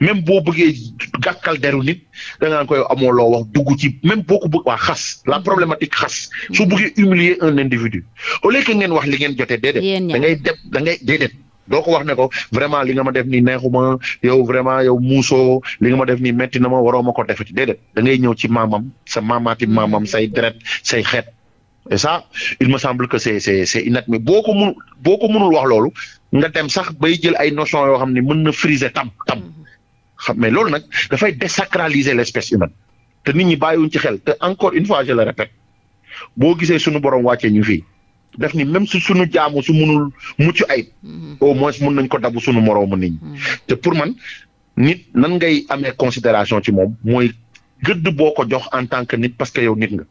même boo bëggee gàkkal deru nit da ngaa koy amoo loo wax dugg ci même boo ko bëgg waa xas la mm-hmm. problématique xas mm-hmm. su bëggee humilier un individu au lieu que ngeen wax li ngeen jotee déedéet da ngay def da ngay déedéet doo ko wax ne ko vraiment li nga ma def nii neexuma yow vraiment yow muusoo li nga ma def nii metti na ma waroo ma ko defati déedéet da ngay ñëw ci maamam sa maamaati mm-hmm. maamam say deret say xeet et ça il me semble que c'est c'est c'est inadmissible boo ko mun boo ko munul wax loolu nga dem sax bay jël ay notion yoo xam ne mën na friser tam tam xam mais loolu nag dafay désacraliser l'espèce humaine te nit ñi bàyyiwuñ ci xel te encore une fois je le répète boo gisee suñu borom wàccee ñu fii def ni même su suñu jaamu su munul mucc ayib mm-hmm. au moins mun nañ ko dabu suñu moroomu nit ñi mm-hmm. te pour man nit nan ngay amee considération ci moom mooy gëdd boo ko jox en tant que nit parce que yow nit nga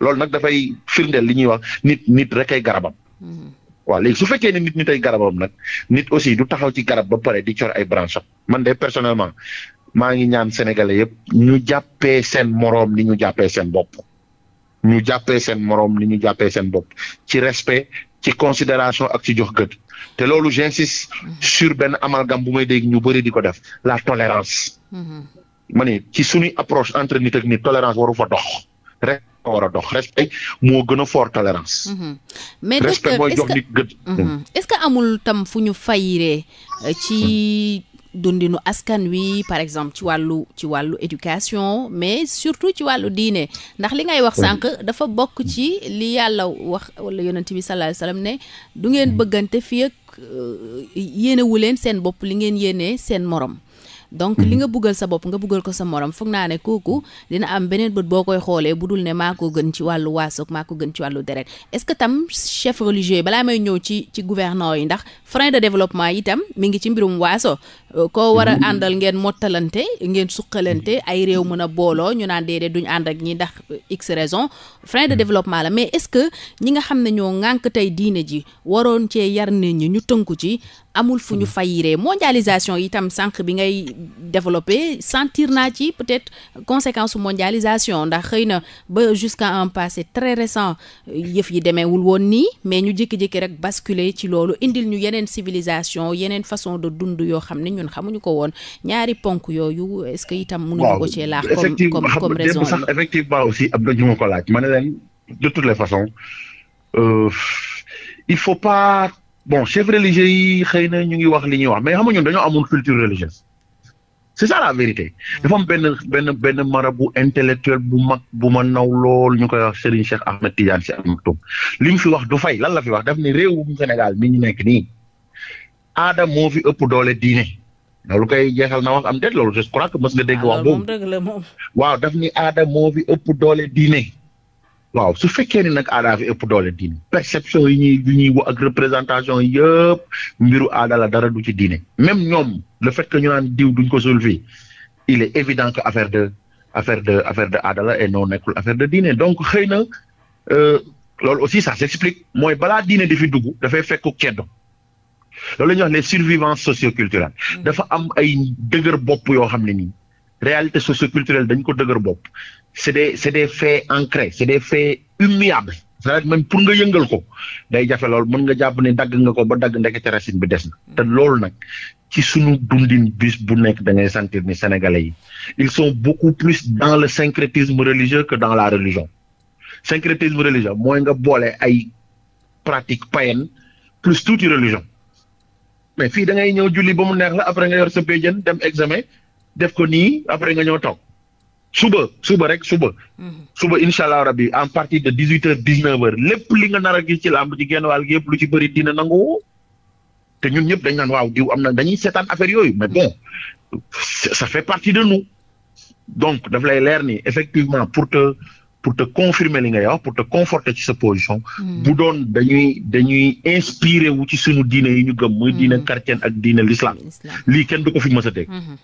loolu nag dafay firndeel li ñuy wax nit nit rek ay garabam mm-hmm. waaw léegi su fekkee ne nit ñi tey garabam nag nit aussi du taxaw ci garab ba pare di cor ay branche man de personnellement maa ngi ñaan sénégalais yëpp ñu jàppee seen moroom ni ñu jàppee seen bopp ñu jàppee seen moroom ni ñu jàppee seen bopp ci respect ci considération ak ci jox gët te loolu j'insiste sur benn amalgame bu may dégg ñu bëri di ko def la tolérance mm-hmm. ma ne ci suñuy approche entre nit ak nit tolérance waru fa rek dafa war a dox respect moo gën a fort tolérance. Mhm. mais respect mooy mhm. hmm. que amul tam fu ñu fayre euh, ci. Hmm. dundinu askan wi par exemple ci wàllu ci wàllu éducation mais surtout ci wàllu diine ndax li ngay wax sànq dafa bokk ci li yàlla wax wala yonent bi sallallahu alayhi ne du ngeen hmm. bëggante fii euh, yéenewu leen seen bopp li ngeen yéenee seen morom donc mhm. li nga buggal sa bopp nga buggal ko sa morom foog naa ne kooku dina am beneen bët boo koy xoolee bu dul ne maa ko gën ci wàllu waasoog maa ko gën ci wàllu deret est-ce que tam chef religieux yi balaa may ñëw ci ci gouvernant yi ndax frein de développement itam mi ngi ci mbirum waaso Euh, koo war a mm-hmm. àndal ngeen mottalante ngeen suqalante mm-hmm. ay réew mën a booloo ñu naan déedéet duñ ànd ak ñi ndax euh, x raison frein de mm-hmm. développement la mais est-ce que ñi nga xam ne ñoo ŋànk tey diine ji waroon cee yar nit ñi ñu tënku ci amul fu ñu fayiree mondialisation itam sànq bi ngay développé sentir naa ci peut-être conséquence mondialisation ndax xëy na ba jusqu'à un passé très récent euh, yëf yi demeewul woon nii mais ñu jékki-jékki rek basculer ci loolu indil ñu yeneen civilisation yeneen façon de dund yoo xam ñun xamuñu ko woon ñaari ponk yooyu est-ce que itam mënuñu ko cee laax comme comme raison sax effectivement aussi ab dañu ma ko laaj ma ne leen de toutes les façons euh, il faut pas bon chef religieux yi xëy na ñu ngi wax li ñuy wax mais xamuñu dañoo amul culture religieuse c'est ça la vérité dafa am benn benn benn bu intellectuel bu mag bu man naw lool ñu koy wax Serigne Cheikh Ahmed Tidiane Sy Al Maktoum li fi wax du fay lan la fi wax daf ne réewum Sénégal mi ñu nekk nii aada moo fi ëpp doole diine loolu koy jeexal na wax am déet lool je crois que mës nga dégg wax ah, boobu waaw daf ni aada moo fi ëpp doole diine waaw su fekkee ni nag aada fi ëpp doole diine perception yi ñuy yi ñuy wax ak représentation yëpp mbiru aadala dara du ci diine même ñoom le fait que ñu diw duñ ko suul fi il est évident que affaire de affaire de affaire de et non nekkul affaire de diine donc xëy na euh, loolu aussi ça s'explique mooy balaa diine di fi dugg dafay fekk keddo loolu la ñuy wax les survivances socioculturelles mm. dafa am ay dëgër bopp yoo xam ne nii réalité socioculturelle dañ ko dëgër bopp c'est des c'est des faits ancrés c'est des faits immuables cest à pour nga yëngal ko day jafe lool mën nga jàpp ne dagg nga ko ba dagg ndeke ca racine bi des na mm. te loolu nag ci suñu dundin bis bu nekk da ngay sentir ni sénégalais yi ils sont beaucoup plus dans le syncrétisme religieux que dans la religion syncrétisme religieux mooy nga boole ay pratique païenne plus tuuti religion mais fii da ngay ñëw julli ba mu neex la après nga yor sa béjjën dem examen def ko nii après nga ñëw toog suba suba rek suba. Mhm. suba incha allah rabi en partie de dix huit heures dix neuf heures lépp li nga nar a gis ci làmb ci genn wàll gi yëpp lu ci bëri dina nangu te ñun ñëpp dañ naan waaw diw am na dañuy seetaan affaire yooyu mais bon ça fait partie de nous donc daf lay leer ni effectivement pour que. pour te confirmer li ngay wax pour te conforter ci sa position. Hmm. bu doon dañuy dañuy inspiré wu ci sunu diine yi ñu gëm. muy diine hmm. ak diine l'islam lii kenn du ko fi mës a hmm.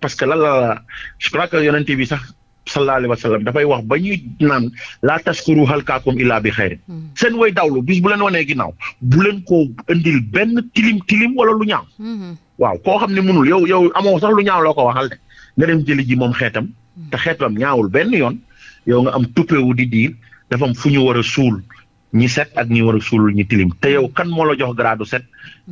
parce que lan la je crois que yonent bi sax sallallahu alayhi wa sallam dafay wax ba ñuy naan laa taskuru halkaakum illaa bi xayrin. seen way dawlu bis bu leen wanee ginnaaw bu leen ko indil benn tilim tilim wala lu ñaaw. waaw koo xam ne mënul yow yow amoo sax lu ñaa loo ko waxal de nga ji moom xeetam. te xeetam benn yoon. yow nga am tuppewu di diir dafa am fu ñu war suul ñi set ak ñi war a suul ñi tilim te yow kan moo la jox gradu set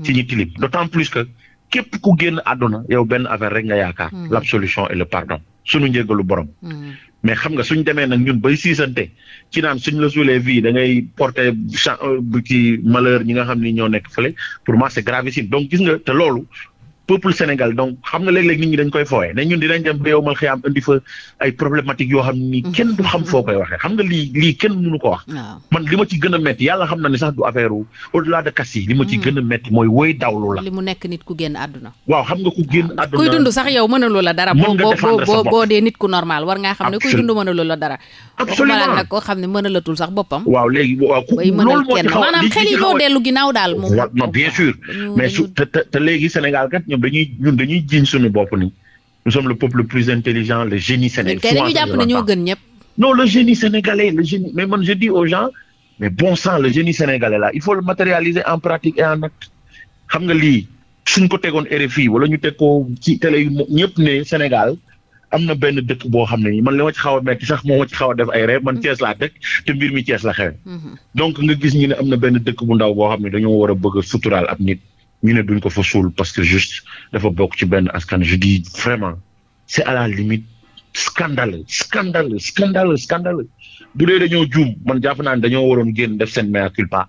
ci ñi tilim hmm. d'autant plus que képp ku génn àdduna yow benn affaire rek nga yaakaar hmm. l'absolution et le pardon suñu njëgalu borom hmm. mais xam nga suñ demee nag ñun bay siisante ci naan suñ la suulee vie da ngay porter euh, ci malheur ñi nga xam ni ñoo nekk fële pour moi c'est gravissime donc gis nga te loolu peuple Sénégal donc xam nga léeg-léeg nit ñi dañ koy fooye ne ñun dinañ dem ba yow mal xiyaam indi fa ay problématique yoo xam ni mhm. kenn du xam foo koy waxee xam nga lii kenn mënu ko wax man li a mhm. a mu nekk nit ku génn àdduna waaw xam nga ku génn àdduna kuy dund sax yow mënalu la dara boo boo boo xam ne kuy dund mënalu la dara absolument nag koo xam ne mënalatul sax boppam waaw léegi waaw ku loolu moo maanaam xel yi ñoo dellu ginnaaw daal moom bien sûr mais te léegi Sénégal kat ñoom dañuy ñun dañuy jiiñ suñu bopp ni nous sommes le peuple le plus intelligent le génie sénégalais. dañuy jàpp ne ñoo gën ñëpp. mais man je aux gens mais bon sang le génie sénégalais là il faut le matérialiser en pratique et en acte xam nga li suñ ko tegoon RFI wala ñu teg ko ci télé yu ñëpp ne Sénégal. am na benn dëkk boo xam ne man la ma ci xaw a metti sax moo ma ci a def ay rêve man mm-hmm. Thiès laa dëkk te mbir mi Thiès la xewe mm-hmm. donc nga gis ñu ne am na benn dëkk bu ndaw boo xam ne dañoo war a bëgg a suturaal ab nit ñu ne duñ ko fa suul parce que juste dafa bokk ci benn askan je dis vraiment c'est à la limite scandale scandale scandale scandale bu dee dañoo juum man jàpp naa ne dañoo waroon génn def seen mea culpa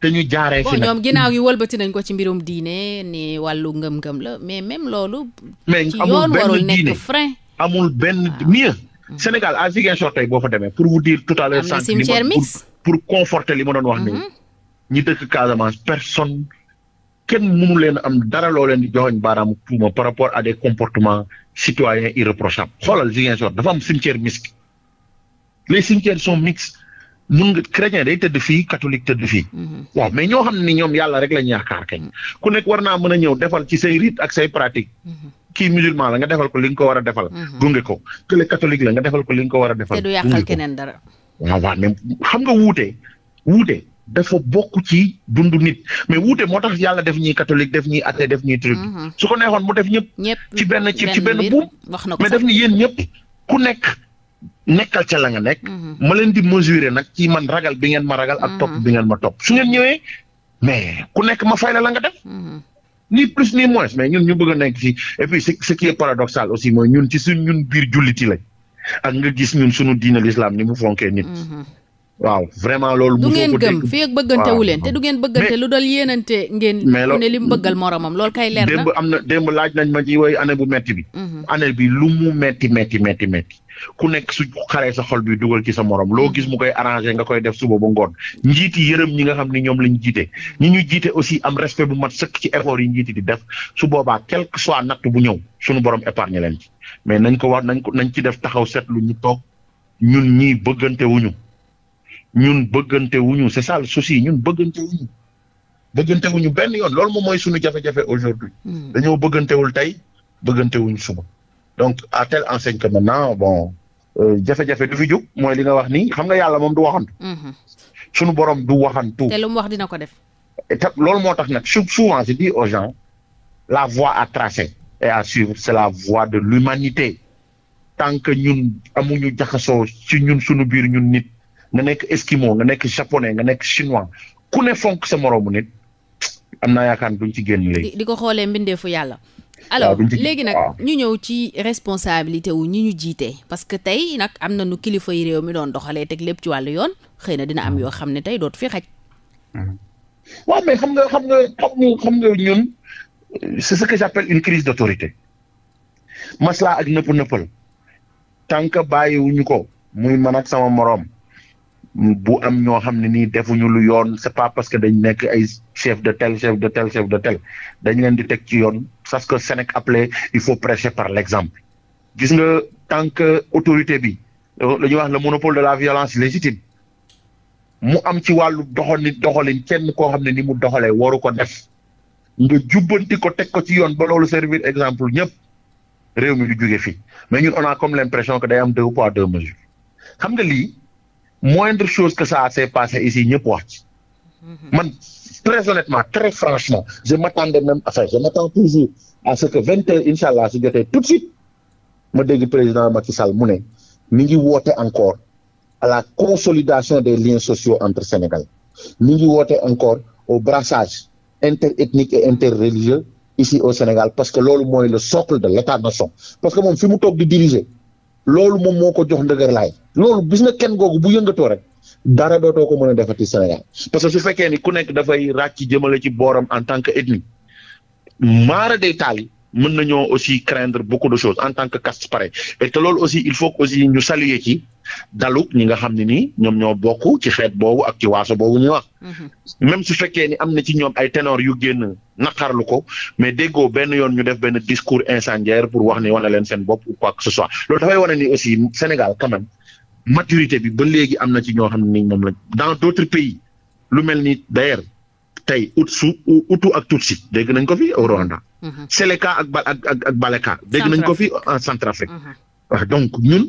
te ñu jaaree fi nag ñoom ginnaaw yi wëlbati nañ ko ci mbirum diine ni wàllu ngëm-ngëm la mais même loolu. mais amul benn diine amul benn mieux. Mm. Sénégal à Ziguinchor tey boo fa demee pour vous dire tout à l'heure. am na cimetière mixte pour conforter li ma doon wax nii. Mm-hmm. ñi dëkk Casamance personne. kenn mënu leen am dara loo leen di joxoñ baaraamu tuuma par rapport a des comportements citoyens irréprochables xoolal Ziguinchor dafa am cimetière mixte les cimetières sont mixtes mun nga chrétien day tëdd fii catholique tëdd fii. Mm-hmm. waaw mais ñoo xam ni ñoom yàlla rek lañ yaakaar kañ. Mm-hmm. ku nekk war naa a ñëw defal ci say rite ak say pratique. Mm-hmm. kii musulman la nga defal ko li nga a defal. gunge ko kële catholique la nga defal ko li nga a defal. te du yàqal keneen dara. waaw dafa bokk ci dundu nit mais wuute moo tax yàlla def ñi catholique def ñi athée def ñuy truc mm-hmm. su ko neexoon mu def ñëpp ci benn ci ci benn buum mais def ni yéen ñëpp ku nekk nekkal ca la nga nekk mm-hmm. ma leen di mesurer nag ci man ragal bi ngeen ma ragal ak topp mm-hmm. bi ngeen ma topp su ngeen ñëwee mais ku nekk ma fay la nga def ni plus ni moins mais ñun ñu bëgg nekk ci et puis ce qui est paradoxal aussi mooy ñun ci suñ ñun biir julliti lañ ak nga gis ñun suñu diine l'islam ni mu fonkee nit waaw vraiment loolu. mu ngeen gëm fii ak bëggantewu leen te du ngeen bëggante lu dal yéenante ngeen. mais ne li mu bëggal moromam loolu kay leer am na démb laaj nañ ma ci woy année bu metti bi. Mhm. année bi lu mu metti metti metti metti ku nekk su xaree sa xol bi dugal ci sa morom loo mhm. gis mu koy arrangé nga koy def suba ba ngoon njiiti yërëm ñi nga xam ni ñoom lañ jiite ñi ñu jiite aussi am respect bu mat sëkk ci effort yi njiiti di def su boobaa quel que soit natt bu ñëw suñu borom épargne leen ci mais nañ ko wax nañ ko nañ ci def taxaw seetlu ñu toog ñun ñii bëggante wuñu ñun bëggante wuñu c'est ça le souci ñun bëggante wuñu bëggante wuñu benn yoon loolu moom mooy suñu jafe-jafe aujourd'hui hmm. dañoo bëggantewul tey bëggante wuñu suba donc à telle enseigne que maintenant bon euh, jafe-jafe du fi mooy li nga wax ni xam nga yàlla moom du waxantu hmm. sunu borom du waxantu te lu mu wax dina ko def loolu moo tax nag souvent je dis aux la voie à tracer et à suivre c'est la voie de l'humanité tant que ñun amuñu jaxasoo ci ñun suñu biir ñun nit nga nekk Eskimo nga nekk japonais nga nekk chinois ku ne fonk sa moroomu nit am na yaakaar duñ ci génn léegi. di ko xoolee mbindeefu yàlla. alors léegi nag ñu ñëw ci responsabilité wu ñi ñu jiite parce que tey nag am na nu kilifa yi réew mi doon doxalee teg lépp ci wàllu yoon xëy na dina am yoo xam ne tey dootu fi xaj. Mm-hmm. waaw mais xam nga xam nga xam nga xam nga ñun c'est ce que j'appelle une crise d'autorité maslaa ak nëpp nëppal tant que bàyyiwuñu ko muy man sama moroom bu am ñoo xam ne nii defuñu lu yoon c'est pas parce que dañ nekk ay chef de tel chef de tel dañ leen di teg ci yoon parce que Sénégal appelé il faut prêcher par l'exemple gis nga tant que autorité bi la ñuy wax le monopole de la violence légitime mu am ci wàllu doxalin doxalin kenn koo xam ne ni mu doxalee waru ko def nga jubbanti ko teg ko ci yoon ba loolu servir exemple ñëpp réew mi du jóge fii mais ñun on a comme l'impression que day am deux poids deux mesures xam nga moindre chose que ça s'est passé ici ñëpp wax mhm. man très honnêtement très franchement je m'attendais même enfin je m'attends toujours à ce que vingt heures incha allah su jotee tout de suite ma dégg président Macky Sall mu ne mi ngi woote encore à la consolidation des liens sociaux entre Sénégal mi ngi woote encore au brassage interethnique et interreligieux ici au Sénégal parce que loolu mooy le socle de l'État-nation parce que moom fi mu toog di diriger loolu moom moo ko jox ndëgër loolu bis na kenn googu bu yëngatoo rek dara dootoo ko mën a defati Sénégal parce que su fekkee ni ku nekk dafay ràcc jëmale ci booram en tant que ethnie maar day taal yi mën nañoo aussi craindre beaucoup de choses en tant que caste pare et te loolu aussi il ñu saluer ci ñi nga xam ne nii ñoom ñoo bokk ci xeet boobu ak ci waaso boobu ñuy wax. Mhm. même su fekkee ni am na ci ñoom ay ténor yu génn naqarlu ko mais déggoo benn yoon ñu def benn discours incendiaire pour wax ni wane leen seen bopp quoi que ce soit loolu dafay wane ni aussi Sénégal quand même maturité bi ba léegi am na ci ñoo xam ne ni moom lañ dans d'autres pays lu mel ni d'ailleurs tey Hutu Hutu ak si dégg nañ ko fi au Rwanda. Mhm. Seleka ak ba ak ak Baleka. dégg nañ ko fi en Centrafrique. Mhm. waaw donc ñun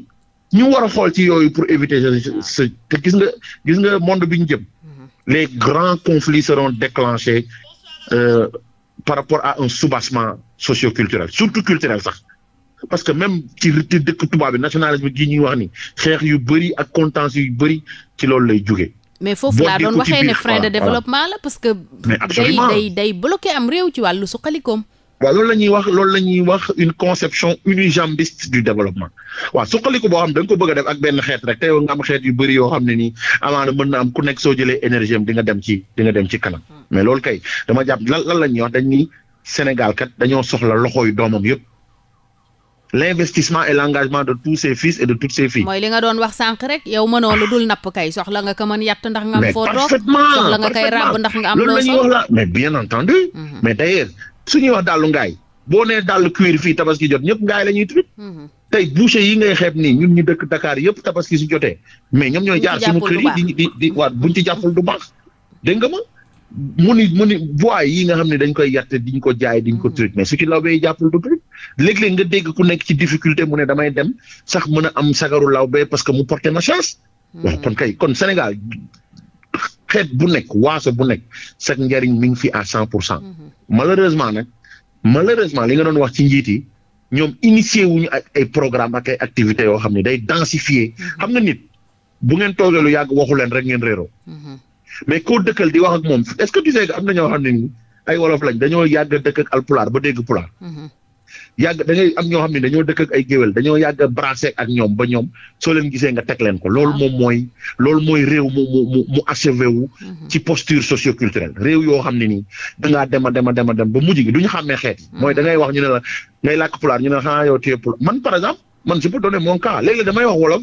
ñu war a xool ci yooyu pour éviter ce te gis nga gis nga monde bi ñu jëm. Mhm. les grands conflits seront déclenchés euh, par rapport a un soubassement socioculturel surtout culturel sax. parce que même ci ci dëkk tubaab bi nationalisme gi ñuy wax ni xeex yu bëri ak contentieux yu bëri ci loolu lay jóge mais foofu laa doon waxee ne frein de développement la parce que day day day bloqué am réew ci wàllu suqalikoom waaw loolu la ñuy wax loolu la ñuy wax une conception unijambiste du développement waaw suqaliku boo xam da nga bëgg a ak benn xeet rek te yow nga am xeet yoo xam ne nii amaana mën na am ku nekk soo jëlee énergie am di nga dem ci di nga dem ci kanam hmm. mais loolu kay dama jàpp lan lan la ñuy wax dañuy Sénégal kat dañoo soxla loxo yu doomam yëpp l'investissement et l'engagement de tous ses fils et de toutes ses filles. mooy li nga doon wax sànq rek yow mënoo lu dul napp kay soxla nga ko mën yàtt ndax nga am. foo toog soxla nga kay ràbb ndax nga am. loo soxla loolu la ñuy wax la mais bien entendu. Mhm. mais d'ailleurs su ñuy wax dàllu ngaay boo nee dàllu cuir fii tabaski jot ñëpp ngaay la ñuy tudd. Mhm. tey yi ngay xeeb nii ñun ñu dëkk Dakar yëpp tabaski su jotee mais ñoom ñooy jaar suñu kër yi di di di waa buñ ci jàppul du baax dégg nga ma mu ni mu ni voies yi nga xam ne dañ koy yàtte diñ ko jaay diñ ko mm. truc mais su ci lawbe yi jàppul du truc léeg-léeg nga dégg ku nekk ci difficulté mu ne damay dem sax mën a am sagaru law lawbe parce que mu porté na chance. waaw mm. kon kay kon Sénégal xeet bu nekk waaso bu nekk sax njariñ mi ngi fi à cent pour cent. Mm-hmm. malheureusement nag malheureusement li nga doon wax ci njiit yi ñoom initié wuñu ak ay programme ak ay activités yoo xam ne day densifier. Mm-hmm. xam nga nit bu ngeen toogee lu yàgg waxu leen rek ngeen réeroo. Mm-hmm. mais koo dëkkal di wax ak moom est-ce que tu sais que am na ñoo xam nii ay wolof lañ dañoo yàgg dëkk ak alpulaar ba dégg pulaar. Mm-hmm. yàgg da ngay am ñoo xam ne dañoo dëkk ak ay géwél dañoo yàgg a branché ak ñoom ba ñoom soo leen gisee nga teg leen ko loolu moom mooy loolu mooy réew mu mu mu mu achevé wu. Mm-hmm. ci posture socioculturelle réew yoo xam ne nii da ngaa dem a dem a dem a dem ba mujj gi du ñu xàmmee xeet yi. mooy mm-hmm. da ngay wax ñu ne la ngay pulaar ñu ne la ah yow tu es pulaar man par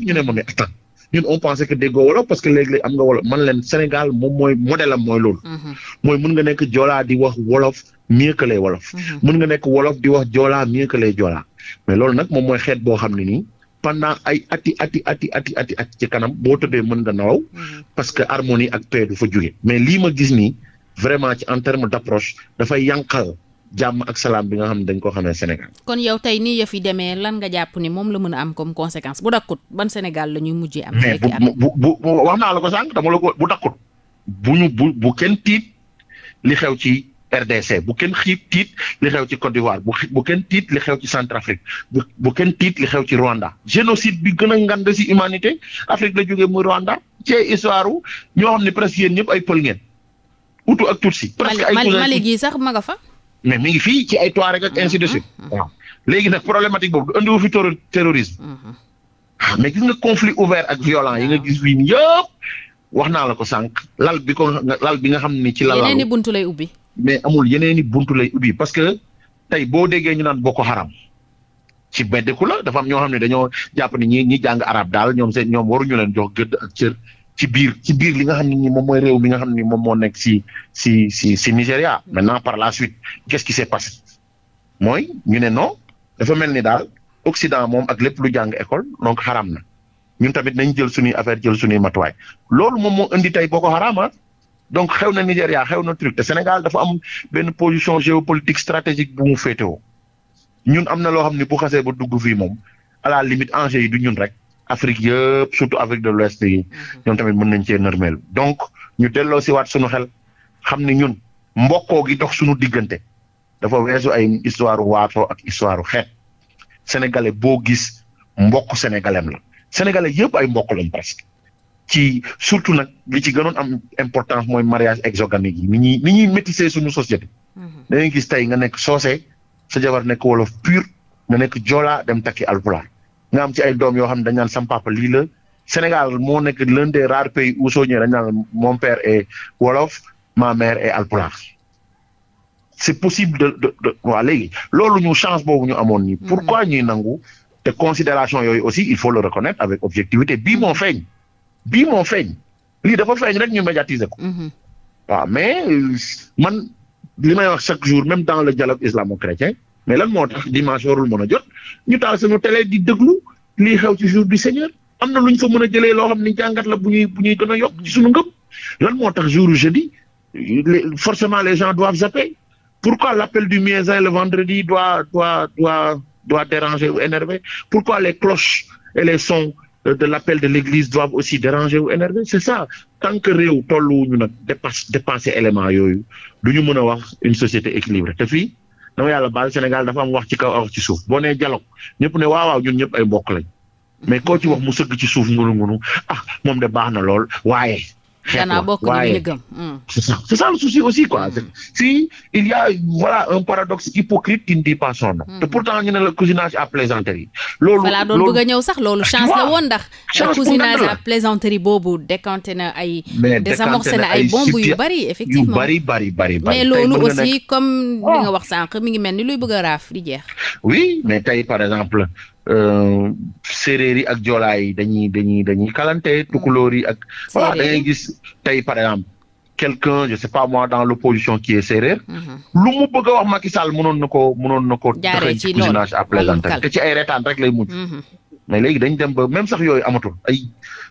ñu ne ma ñun on pensait que déggoo wolof parce que léegi-léegi am nga wolof man leen Sénégal moom mooy modèle am mooy loolu. Mhm. mooy mun nga nekk joolaa di wax wolof mieux que les wolof. Mhm. mun nga nekk wolof di wax joolaa mieux que les joolaa mais loolu nag moom mooy xeet boo xam ne nii. pendant ay ati ati ati ati ati ati ci kanam boo tëddee mën nga nalaw mhm. parce que harmonie ak paix du fa jóge mais lii ma gis nii vraiment ci en terme d'approche dafay yànqal jàmm ak salaam bi nga xam ne dañ ko xamee Sénégal. kon yow tey nii ya fi demee lan nga jàpp ni moom la mën a am comme conséquence bu dakkut ban Sénégal la ñuy mujjee am. mais bu bu bu wax naa la ko sànq dama la ko bu dakkut. bu ñu bu bu kenn tiit li xew ci RDC bu kenn xiit tiit li xew ci Côte d'Ivoire bu bu kenn tiit li xew ci Centrafrique bu bu kenn tiit li xew ci Rwanda génocide bi gën a ngand si humanité Afrique la jógee muy Rwanda ci histoire ñoo xam ne presque yéen ñëpp ay pël ngeen. utu ak nga fa. mais mi ngi fii ci ay toit rek ak ainsi de mm-hmm. suite. Mm-hmm. léegi nag problématique boobu andi wu fi terrorisme. Mm-hmm. ah mais gis nga conflit ouvert ak violent yi nga gis wii yëpp wax naa la ko sànq lal bi ko lal bi nga xam ni ci la. laalu yeneen i buntu lay ubbi. mais amul yeneen i buntu lay ubbi parce que tey boo déggee ñu naan Boko Haram. ci ku la dafa am ñoo xam ne dañoo jàpp ne ñi ñi jàng arab daal ñoom seen ñoom ñu leen jox gëdd ak cër ci biir ci biir li nga xam ne ni moom mooy réew mi nga xam ne ni moom moo nekk si si si si Nigéria mm. maintenant par la suite qu'est-ce qui s'est passé mooy ñu ne non dafa mel ni daal Occident moom ak lépp lu jàng école donc xaram na ñun tamit nañ jël suñuy affaire jël suñuy matuwaay loolu moom moo indi tey boo ko xaraama ah. donc xew na Nigéria xew na truc te Sénégal dafa am benn position géopolitique stratégique bu mu féetewoo ñun am na loo xam ne bu xasee ba dugg fii moom à la limite enjeu yi du ñun rek Afrique yëpp surtout Afrique de l'Ouest yi mhm. ñoom tamit mën nañ cee nërmeel donc ñu delloo si waat suñu xel xam ne ñun mbokkoo gi dox suñu diggante dafa weesu ay histoire waatoo ak histoire xeet sénégalais boo gis mbokk sénégalais la sénégalais yëpp ay mbokk lañ presque ci surtout nag li ci gënoon am importance mooy mariage exogamique yi ni ñuy suñu société mhm. da gis tey nga nekk soose sa jabar nekk wolof pur nga nekk joolaa dem takki alpulaar nga am ci ay doom yoo xam ne dañ naan sam papa lii la Sénégal moo nekk l'un des rares pays où soo ñëwee dañ naan mon père est wolof ma mère est c'est possible de de de waa léegi loolu ñu chance boobu ñu amoon nii. pourquoi ñuy nangu te considération yooyu aussi il faut le reconnaître avec objectivité bii moo feeñ bii moo feeñ lii dafa feeñ rek ñu médiatiser ko. Mm-hmm. waaw mais euh, man li may wax chaque jour même dans le dialogue islamo-chrétien. mais lan moo tax dimanche warul mën a jot ñu taal suñu télé di déglu lii xew ci jour du Seigneur am na lu ñu fa mën a jëlee loo xam ni jàngat la bu ñuy bu ñuy gën a yokk ci suñu ngëm lan moo tax jour jeudi forcément les gens doivent zapper pourquoi l'appel du muezzin le vendredi doit doit doit doit déranger ou énerver pourquoi les cloches et les sons euh, de l'appel de l'église doivent aussi déranger ou énerver c'est ça tant que réew tolluwuñu nag dépasse dépasser élément yooyu du ñu mën a wax une société équilibrée fii dama yàlla baal Sénégal dafa am wax ci kaw wax ci suuf boo nee dialogue ñëpp ne waaw waaw ñun ñëpp ay mbokk lañ mais koo ci wax mu sëgg ci suuf ngunu ngunu ah moom de baax na lool waaye xeetu bokk waaye hmm. c'est ça c'est ça le souci aussi quoi hmm. si il y a voilà un paradoxe hypocrite qui ne dit pas son hmm. pourtant ñu la cousinage à plaisanterie loolu voilà doon bëgg a ñëw sax loolu ah, chance la woon ndax cousinage à plaisanterie boobu décanté na ay désamorcé na ay bombe yu bari effectivement yu bari bari bari bari mais loolu aussi comme li oh. nga wax sànq mi ngi mel ni luy bëgg a raaf di jeex oui mais tey par exemple Euh, séeréer yi ak joola yi dañuy dañuy dañuy kalante tukulóor yi ak. voilà hmm. gis tey par exemple. quelqu'un je sais pas moi dans l'opposition qui est séeréer. Hmm. lu mu bëgg a wax Macky Sall mënoon na ko mënoon na ko. jaaree ci cousinage à plaisanterie te ci ay retaan rek lay hmm. mais léegi dañ dem ba même sax yooyu amatul ay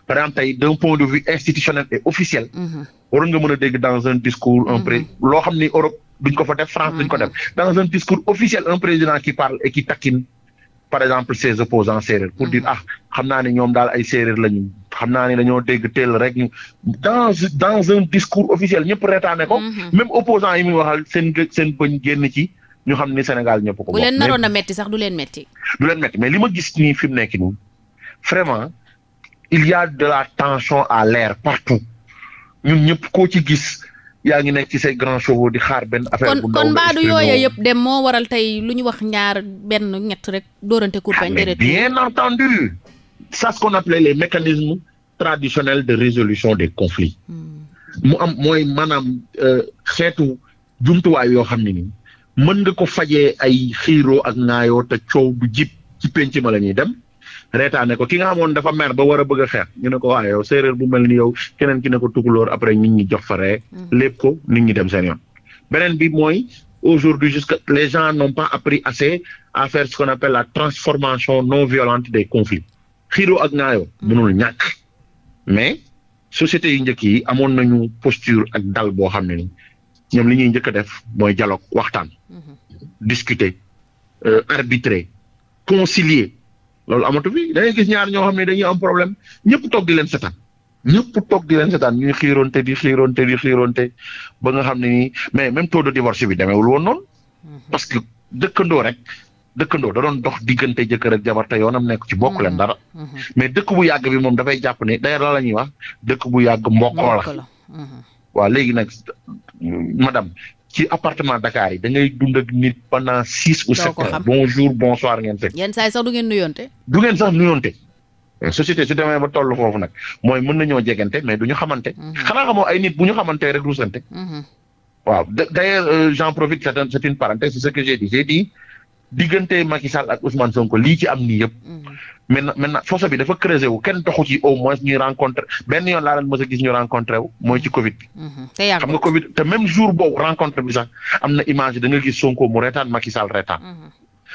par exemple tey d'un point de vue institutionnel et officiel. waroon nga mën a dégg dans un discours un pré loo xam ni Europe duñ ko fa def France duñ ko def dans un discours officiel un président qui parle par exemple ses opposants séeréer pour dire mm-hmm. ah xam naa ne ñoom daal ay séeréer lañu xam naa ne dañoo dégg teel rek ñu dans dans un discours officiel ñëpp reetaane ko mm-hmm. même opposant yi muy waxal seen seen bëñ génn ci ñu xam ni Sénégal ñëpp ko bu leen naroon a metti sax du leen metti du leen metti mais li ma gis nii fi mu nekk nii vraiment il y de la tension à l'air partout ñun ñëpp koo ci gis yaa ngi nekk ci say grands chevaux di xaar benn affaire bu ndaw kon mbaadu yooya dem moo waral tey lu ñu wax ñaar benn ñett rek dóorante kurpañ ah, déedéet bien entendu ça ce qu'on appelait les mécanismes traditionnels de résolution des conflits hmm. mu am mooy maanaam euh, xeetu jumtuwaay yoo xam ne nii mën nga ko faje ay xiiro ak ŋaayoo te coow du jib ci penc ma la ñuy dem reetaane ko ki nga xamoon dafa mer ba war a bëgg a xeex ñu ne ko waaye yow séeréer bu mel yow keneen ki ne ko tukulóor après mm-hmm. nit ñi dem seen yoon beneen bi mooy aujourd'hui jusque les gens n'ont pas appris assez à ce qu'on appelle la transformation non violente des conflits xiiroo ak ngaayoo mm-hmm. mënul ñàkk mais société yu njëkk yi amoon nañu posture ak dal boo xam ne ni ñoom li ñuy njëkk a def mooy dialogue waxtaan mm-hmm. discuter euh, arbitrer concilier loolu amatu fi da ngay ñaar ñoo xam ne dañuy am problème ñëpp toog di leen setaan ñëpp toog di leen setaan ñuy xiironte di xiironte di xiironte ba nga xam ne nii mais même taux de divorce bi demeewul woon noon mhm. parce que dëkkandoo rek dëkkandoo da doon dox diggante jëkkër ak jabar te yoonam nekk ci bokk leen mhm. dara. Mhm. mais dëkk bu yàgg bi moom dafay jàpp ne d'ailleurs la la ñuy wax dëkk bu yàgg mbokkoo la. waaw léegi nag madame ci appartement Dakar yi da ngay dund ak nit pendant six ou sept ans bonjour bonsoir ngeen teg. sax du ngeen nuyonte. du ngeen sax nuyonte. Eh, société su demee ba toll foofu nag mooy mën nañoo jegante mais du ñu xamante. Mhm. xanaa xamoo ay nit bu ñu xamantee rek ruusante. Mhm. waaw d'ailleurs euh, j'en profite c'est une parenthèse c'est ce que j'ai dit j'ai dit diggante Macky Sall ak Ousmane Sonko li ci am ni yëpp. Mhm. maintenant maintenant fossé bi dafa creuser wu kenn taxu ci au moins ñuy rencontré benn yoon laa leen mës a wu mooy ci Covid bi. Mhm. xam nga Covid te même jour boobu rencontre bi sax am na image da nga gis Sonko mu reetaan Macky Sall mhm.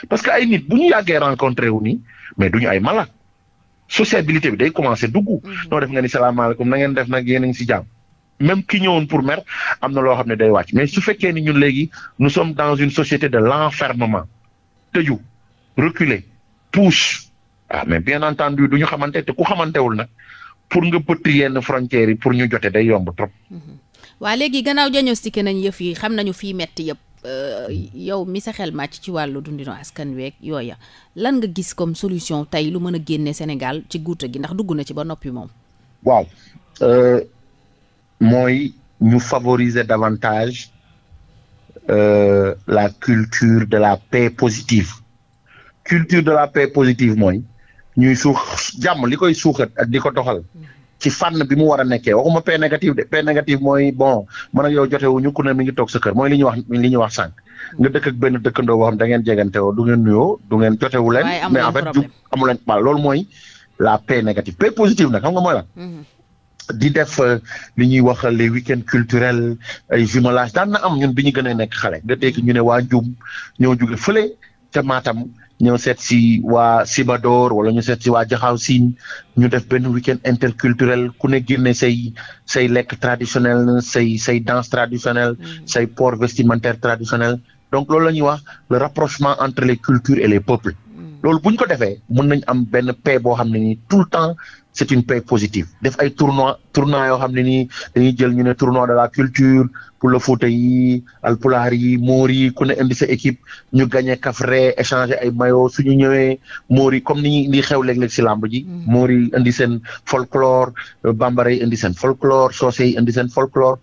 parce que ay nit bu ñu yàggee rencontré wu nii mais du duñu ay malade sociabilité bi day commencé dugg. Mhm. noo def nga ni salaamaaleykum na ngeen def nag yéen a ngi jàmm. même ki ñëwoon pour mer am na loo xam ne day wàcc mais su fekkee ni ñun léegi nous sommes dans une société de l'enfermement tëju reculer pousse. ah mais bien entendu du ñu xamante te ku xamantewul nag pour nga pëtt yenn frontières yi pour ñu jote day yomb trop. Mm-hmm. waa léegi gannaaw diagnostiqué nañ yëf yi xam nañu fii metti yëpp euh, yow mi sa xel màcc ci wàllu dundinu askan weeg yooya lan nga gis comme solution tey lu mën a génne Sénégal ci guuta gi ndax dugg na ci ba noppi moom. waaw euh, mooy ñu favoriser davantage euh, la culture de la paix positive culture de la paix positive mooy. ñuy suux jàmm li koy suuxat ak di ko doxal ci fànn bi mu war a nekkee waxuma P négatif de P négatif mooy bon man ak yow ñu ku ne mi ngi toog sa kër mooy li ñuy wax li ñuy wax sànq. nga dëkk ak benn dëkkandoo boo xam da ngeen jegante woo du ngeen nuyoo du ngeen jotewu leen. mais en leen waaw loolu mooy la P négative P positive nag xam nga mooy lan. Mhm. di def euh, li ñuy wax les week-end culturels ay jumelage daan na am ñun bi ñu gën a nekk xale. nga dégg ñu ne waa Ndioum ñoo jóge le ta Matam. ñoo seet si waa Sibadoor wala ñu seet si waa Jaxaaw Siin ñu def benn weekend interculturel ku ne génne say say lekk traditionnel say say danse traditionnelle mm. say port vestimentaire traditionnel donc loolu la ñuy wax le rapprochement entre les cultures et les peuples mm. loolu buñ ko defee mën nañ am benn paix boo xam ne nii tout le temps c'est une paix positive def ay tournoi tournoi yoo xam ne nii dañuy jël ñu ne tournoi de la culture pour le Fouta yi alpulaar yi moor yi ku ne indi sa équipe ñu gagné kafre échanger ay maillots suñu ñëwee moor yi comme ni ñuy xew léeg-léeg si làmb ji moor mm. yi indi seen folklore bambara yi indi seen folklore soose yi indi seen folklore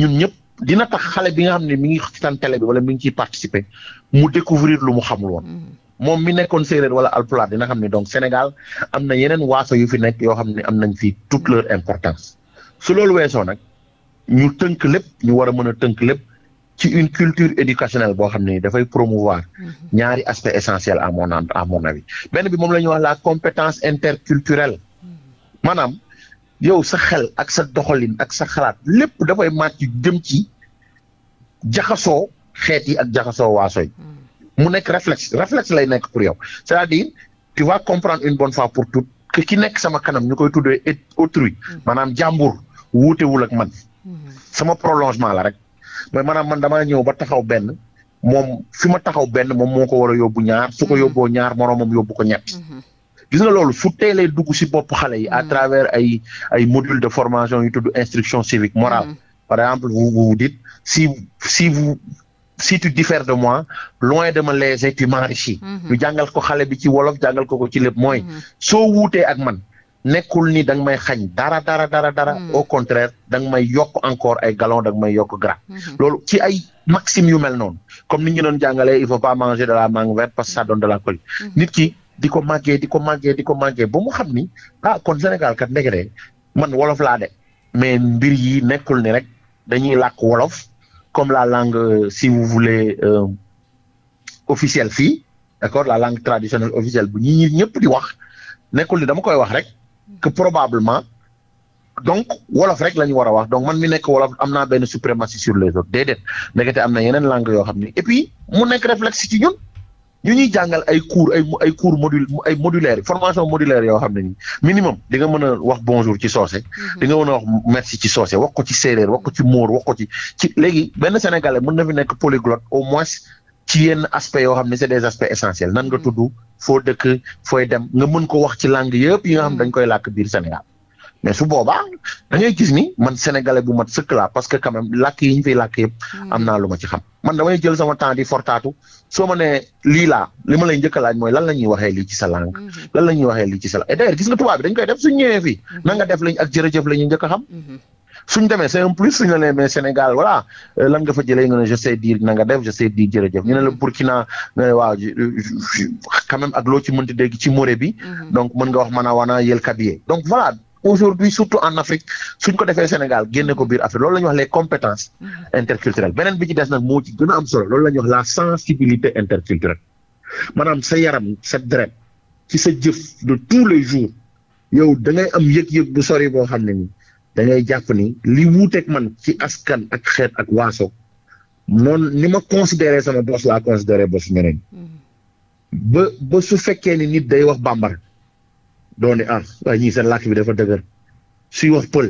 ñun ñëpp dina tax xale bi nga xam ne mi ngi ci télé wala mi ngi ciy participer mu découvrir lu mu xamul woon mm. moom mi nekkoon séeréer wala alpulaar dina xam ne donc Sénégal am na yeneen waaso yu fi nekk yoo xam ne am nañ fi toute leur importance su loolu weesoo nag ñu tënk lépp ñu war a mën a tënk lépp ci une culture éducationnelle boo xam ne dafay promouvoir mhm. ñaari aspect essentiel à mon à mon avis benn bi moom la ñuy wax la compétence interculturelle mhm. maanaam yow sa xel ak sa doxalin ak sa xalaat lépp dafay màcc jëm ci jaxasoo xeet yi ak jaxasoo waaso yi mhm. mu nekk réflexe réflexe lay nekk pour yow c'est-à-dire tu vas comprendre une bonne fois pour toutes que ki nekk sama kanam ñu koy tuddee et autrui mm-hmm. maanaam jàmbur wuutewul ak man mm-hmm. sama prolongement la rek mais maanaam man damaa ñëw ba taxaw benn moom fi ma taxaw benn moom moo ko war a yóbbu ñaar su ko mm-hmm. yóbboo ñaar moroomam yobu ko ñet gis nga loolu su teelee dugg si bopp xale yi à travers ay ay module de formation yu tudd instruction civique morale par exemple vous vous si si si tu diffères de moi loin de me léser tu m'enrichis mhm. ñu jàngal ko xale bi ci wolof jàngal ko ko ci lépp mooy mhm. soo wuutee ak man nekkul ni da may xañ dara dara dara dara mhm. au contraire da may yokk encore ay galon da may yokk gras loolu ci ay maxime yu mel noonu comme ni ñu doon jàngalee il faut pas manger de la mangue verte parce que de la colique nit ki di ko màggee di ko màggee di ko màggee ba mu xam ni ah kon Sénégal kat ndekete man wolof laa de mais mbir yi nekkul ni rek dañuy làkk wolof comme la langue, euh, si vous voulez, euh, officielle fii d'accord la langue traditionnelle officielle bu ñi ñi ñëpp i wax nekkul li dama koy wax rek que probablement donc wolof rek la ñu war a wax donc man mi nekk wolof am naa benn suprématie sur les autres déedéet ndekete am na yeneen langue yoo xam ni et puis mu nekk réflexe ci ñun ñu ñuy jàngal ay cours ay ay cours module ay modulaire formation modulaire yoo xam ne nii minimum di nga mën a wax bonjour ci soose. Mhm. di nga mën a wax merci ci soose wax ko ci séeréer wax ko ci moor wax ko ci ci léegi benn sénégalais mën na fi nekk polyglotte au moins ci yenn aspect yoo xam ne des aspects essentiels nan nga mhm. tudd foo dëkk fooy dem nga mën ko wax ci langue yëpp yi nga xam mhm. dañ koy lakk biir Sénégal mais su boobaa da ngay gis ni man sénégalais bu mat sëkk laa parce que quand lakk làkk yi ñu fiy làkk yëpp am naa lu ma ci xam man damay jël sama temps di fortaatu soo ma nee lii laa li ma lay njëkk a mooy lan la ñuy waxee lii ci sa langue mhm. lan la ñuy waxee lii ci sa langue nga tubaab dañ koy def suñ ñëwee fii mhm. na nga def lañ ak jërëjëf la ñuy njëkk a xam mhm. suñ demee c'est un plus suñu la nee mais Sénégal voilà euh, lan nga fa jëlee na nga def je sais dire ñu ne la Burkina nga ne waaw quand ak loo ci mënti dégg ci moré bi donc mën nga wax mën a wana yël kabiye donc voilà aujourd'hui surtout en Afrique suñ ko defee Sénégal génne ko biir Afrique loolu la ñuy wax les compétences mm-hmm. interculturelles beneen bi ci des nag moo ci gën a am solo loolu la ñuy wax la sensibilité interculturelle maanaam sa yaram sa deret ci sa jëf de tous les jours yow da ngay am yëg-yëg bu sori boo xam ne ni da ngay jàpp ni li wuuteeg man ci askan ak xeet ak waaso noon ni ma considéré sama bos laa considéré bos ñeneen mm-hmm. ba ba su fekkee ni nit day wax bambara dooni ar waaye ñii seen làkk bi dafa dëgër suy wax pël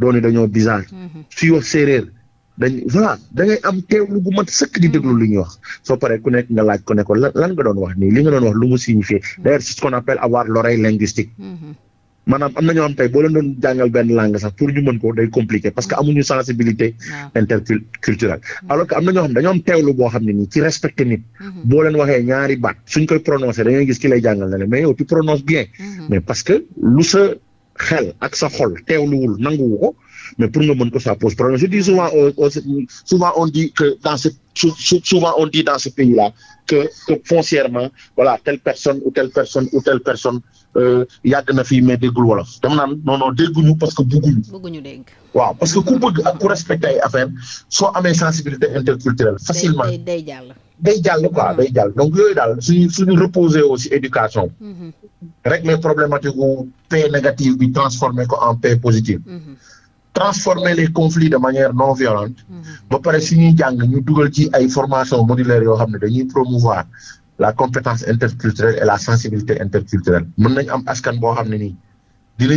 dooni dañoo bizarre mhm. suy wax séeréer dañ voilà da ngay am teewlu gu mat sëkk di mhm. déglu lu ñuy wax soo paree ku nekk nga laaj ku ne ko lan nga doon wax nii li nga doon wax lu mu signifié mhm. d'ailleurs c'est ce qu'on appelle avoir l'oreille linguistique maanaam am na ñoo xam tey boo leen doon jàngal benn langue sax pour ñu mën ko day compliqué parce que mm. amuñu sensibilité interculturelle mm. alors que am na ñoo xam dañoo am teewlu boo xam ne nii ci respecté nit mm-hmm. boo leen waxee ñaari baat suñ koy prononcé dañuy gis ki lay jàngal ne la mais yow tu prononces bien mm-hmm. mais parce que lu sa xel ak sa xol luwul nanguwu ko mais pour nga mën ko ça pose problème je dis souvent on dit que dans ce souvent on dit dans ce pays là que que foncièrement telle personne ou telle personne ou euh, na fii mais déggul wolof dama naan non dégguñu parce que bëgguñu. bëgguñu dégg waaw parce que ku bëgg ak ku respecté ay affaire soo amee sensibilité interculturelle. facilement day day mm-hmm. donc yooyu daal suñu reposer aussi éducation. Mm-hmm. rek les problématiques wu bi transformer ko en P positive. Mm-hmm. transformer les conflits de manière non violente mm-hmm. ba pare si ñuy jàng ñu dugal ci ay formation modulaire yoo xam ne dañuy promouvoir la compétence interculturelle et la sensibilité interculturelle mën nañ am askan boo xam ne nii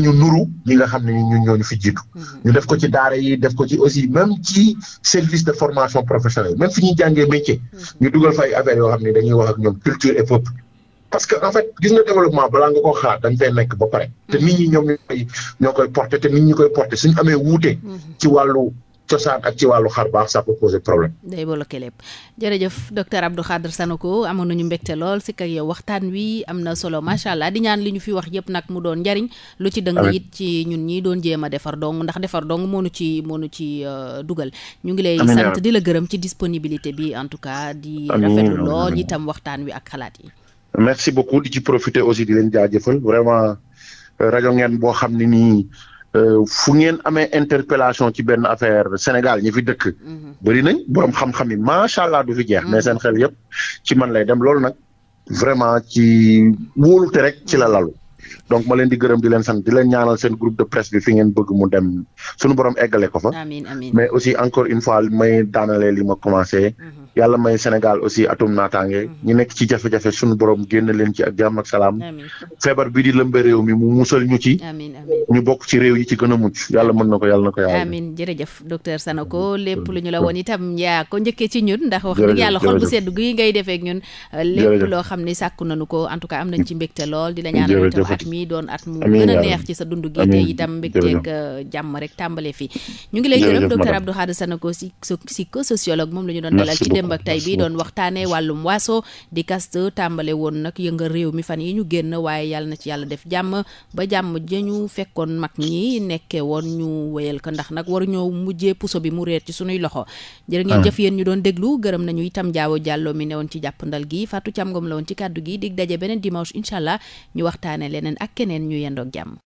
ñu nuru ñi nga xam ne ñu ñun ñooñu fi jiitu mm-hmm. ñu def ko ci daara yi def ko ci aussi même ci service de formation professionnelle même fi ñuy jàngee métier mm-hmm. ñu dugal fa ay affaires yoo xam ne dañuy wax ak ñoom culture et peuple parce que en fait gis nga développement balaa nga ko xaar dañ fay nekk ba pare te nit ñi ñoom ñoo koy porté te nit ñi koy porté suñu amee wuute mhm. ci wàllu cosaan ak ci wàllu xar baax ça peut poser problème day bloqué lépp jërëjëf docteur Abdou Khadre Sanoko amoon na ñu mbégte lool si kak yow waxtaan wi am na solo macha allah di ñaan li ñu fi wax yëpp nag mu doon njariñ lu ci dëng it ci ñun ñi doon jéem a defar dong ndax defar dong moonu ci moonu ci euh, dugal ñu ngi lay di la gërëm ci disponibilité bi en tout cas di itam waxtaan wi ak xalaat yi merci beaucoup di ci profité aussi di leen jaajëfal vraiment euh, rajo ngeen boo xam ne nii euh, fu ngeen amee interpellation ci benn affaire Sénégal ñi fi dëkk. Mhm. bëri nañ borom xam-xam yi macha allah du fi jeex. Mhm. mais seen xel yëpp ci man lay dem loolu nag vraiment ci wóolute rek ci la lalu. donc ma leen di gërëm di leen sant di leen ñaanal seen groupe de presse bi fi ngeen bëgg mu dem suñu borom eggale ko fa. amiin amiin mais aussi encore une fois may daanalee li ma commencé. Mhm. may Sénégal aussi atum naataange. Mhm. ñu nekk ci jafe-jafe suñu borom génn leen ci ak jàmm salaam. feebar bii di lëmbe réew mi mu musal ñu ci. ñu bokk ci réew yi ci gën a mucc yàlla mën na ko yàlla na ko yàlla. amiin jërëjëf docteur Sanoko lépp lu ñu la woon itam yaa ko at mi doon at mu gën a neex ci sa dund gi te itam mbégteeg euh, jàmm rek tàmbale fi ñu ngi lay gërëm docteur Abdou Khadre Sanoko si psychosociologue moom la ñu doon dalal ci démb ak tey bi doon waxtaanee wàllum waaso di kast tàmbale woon nag yëngal réew mi fan yi ñu génn waaye yàlla na ci yàlla def jàmm ba jàmm jañu fekkoon mag ñi nekkee woon ñu wéyal ko ndax nag waru ñoo mujjee puso bi mu réer ci sunuy loxo jërë ngeen ah. jëf yéen ñu doon déglu gërëm nañu itam jaawo jàlloo mi newoon ci jàppandal gi Fatou Thiam Ngom la woon ci kàddu gi dig daje beneen dimanche incha ñu waxtaane leneen keneen ak keneen ñu yendoog jàmm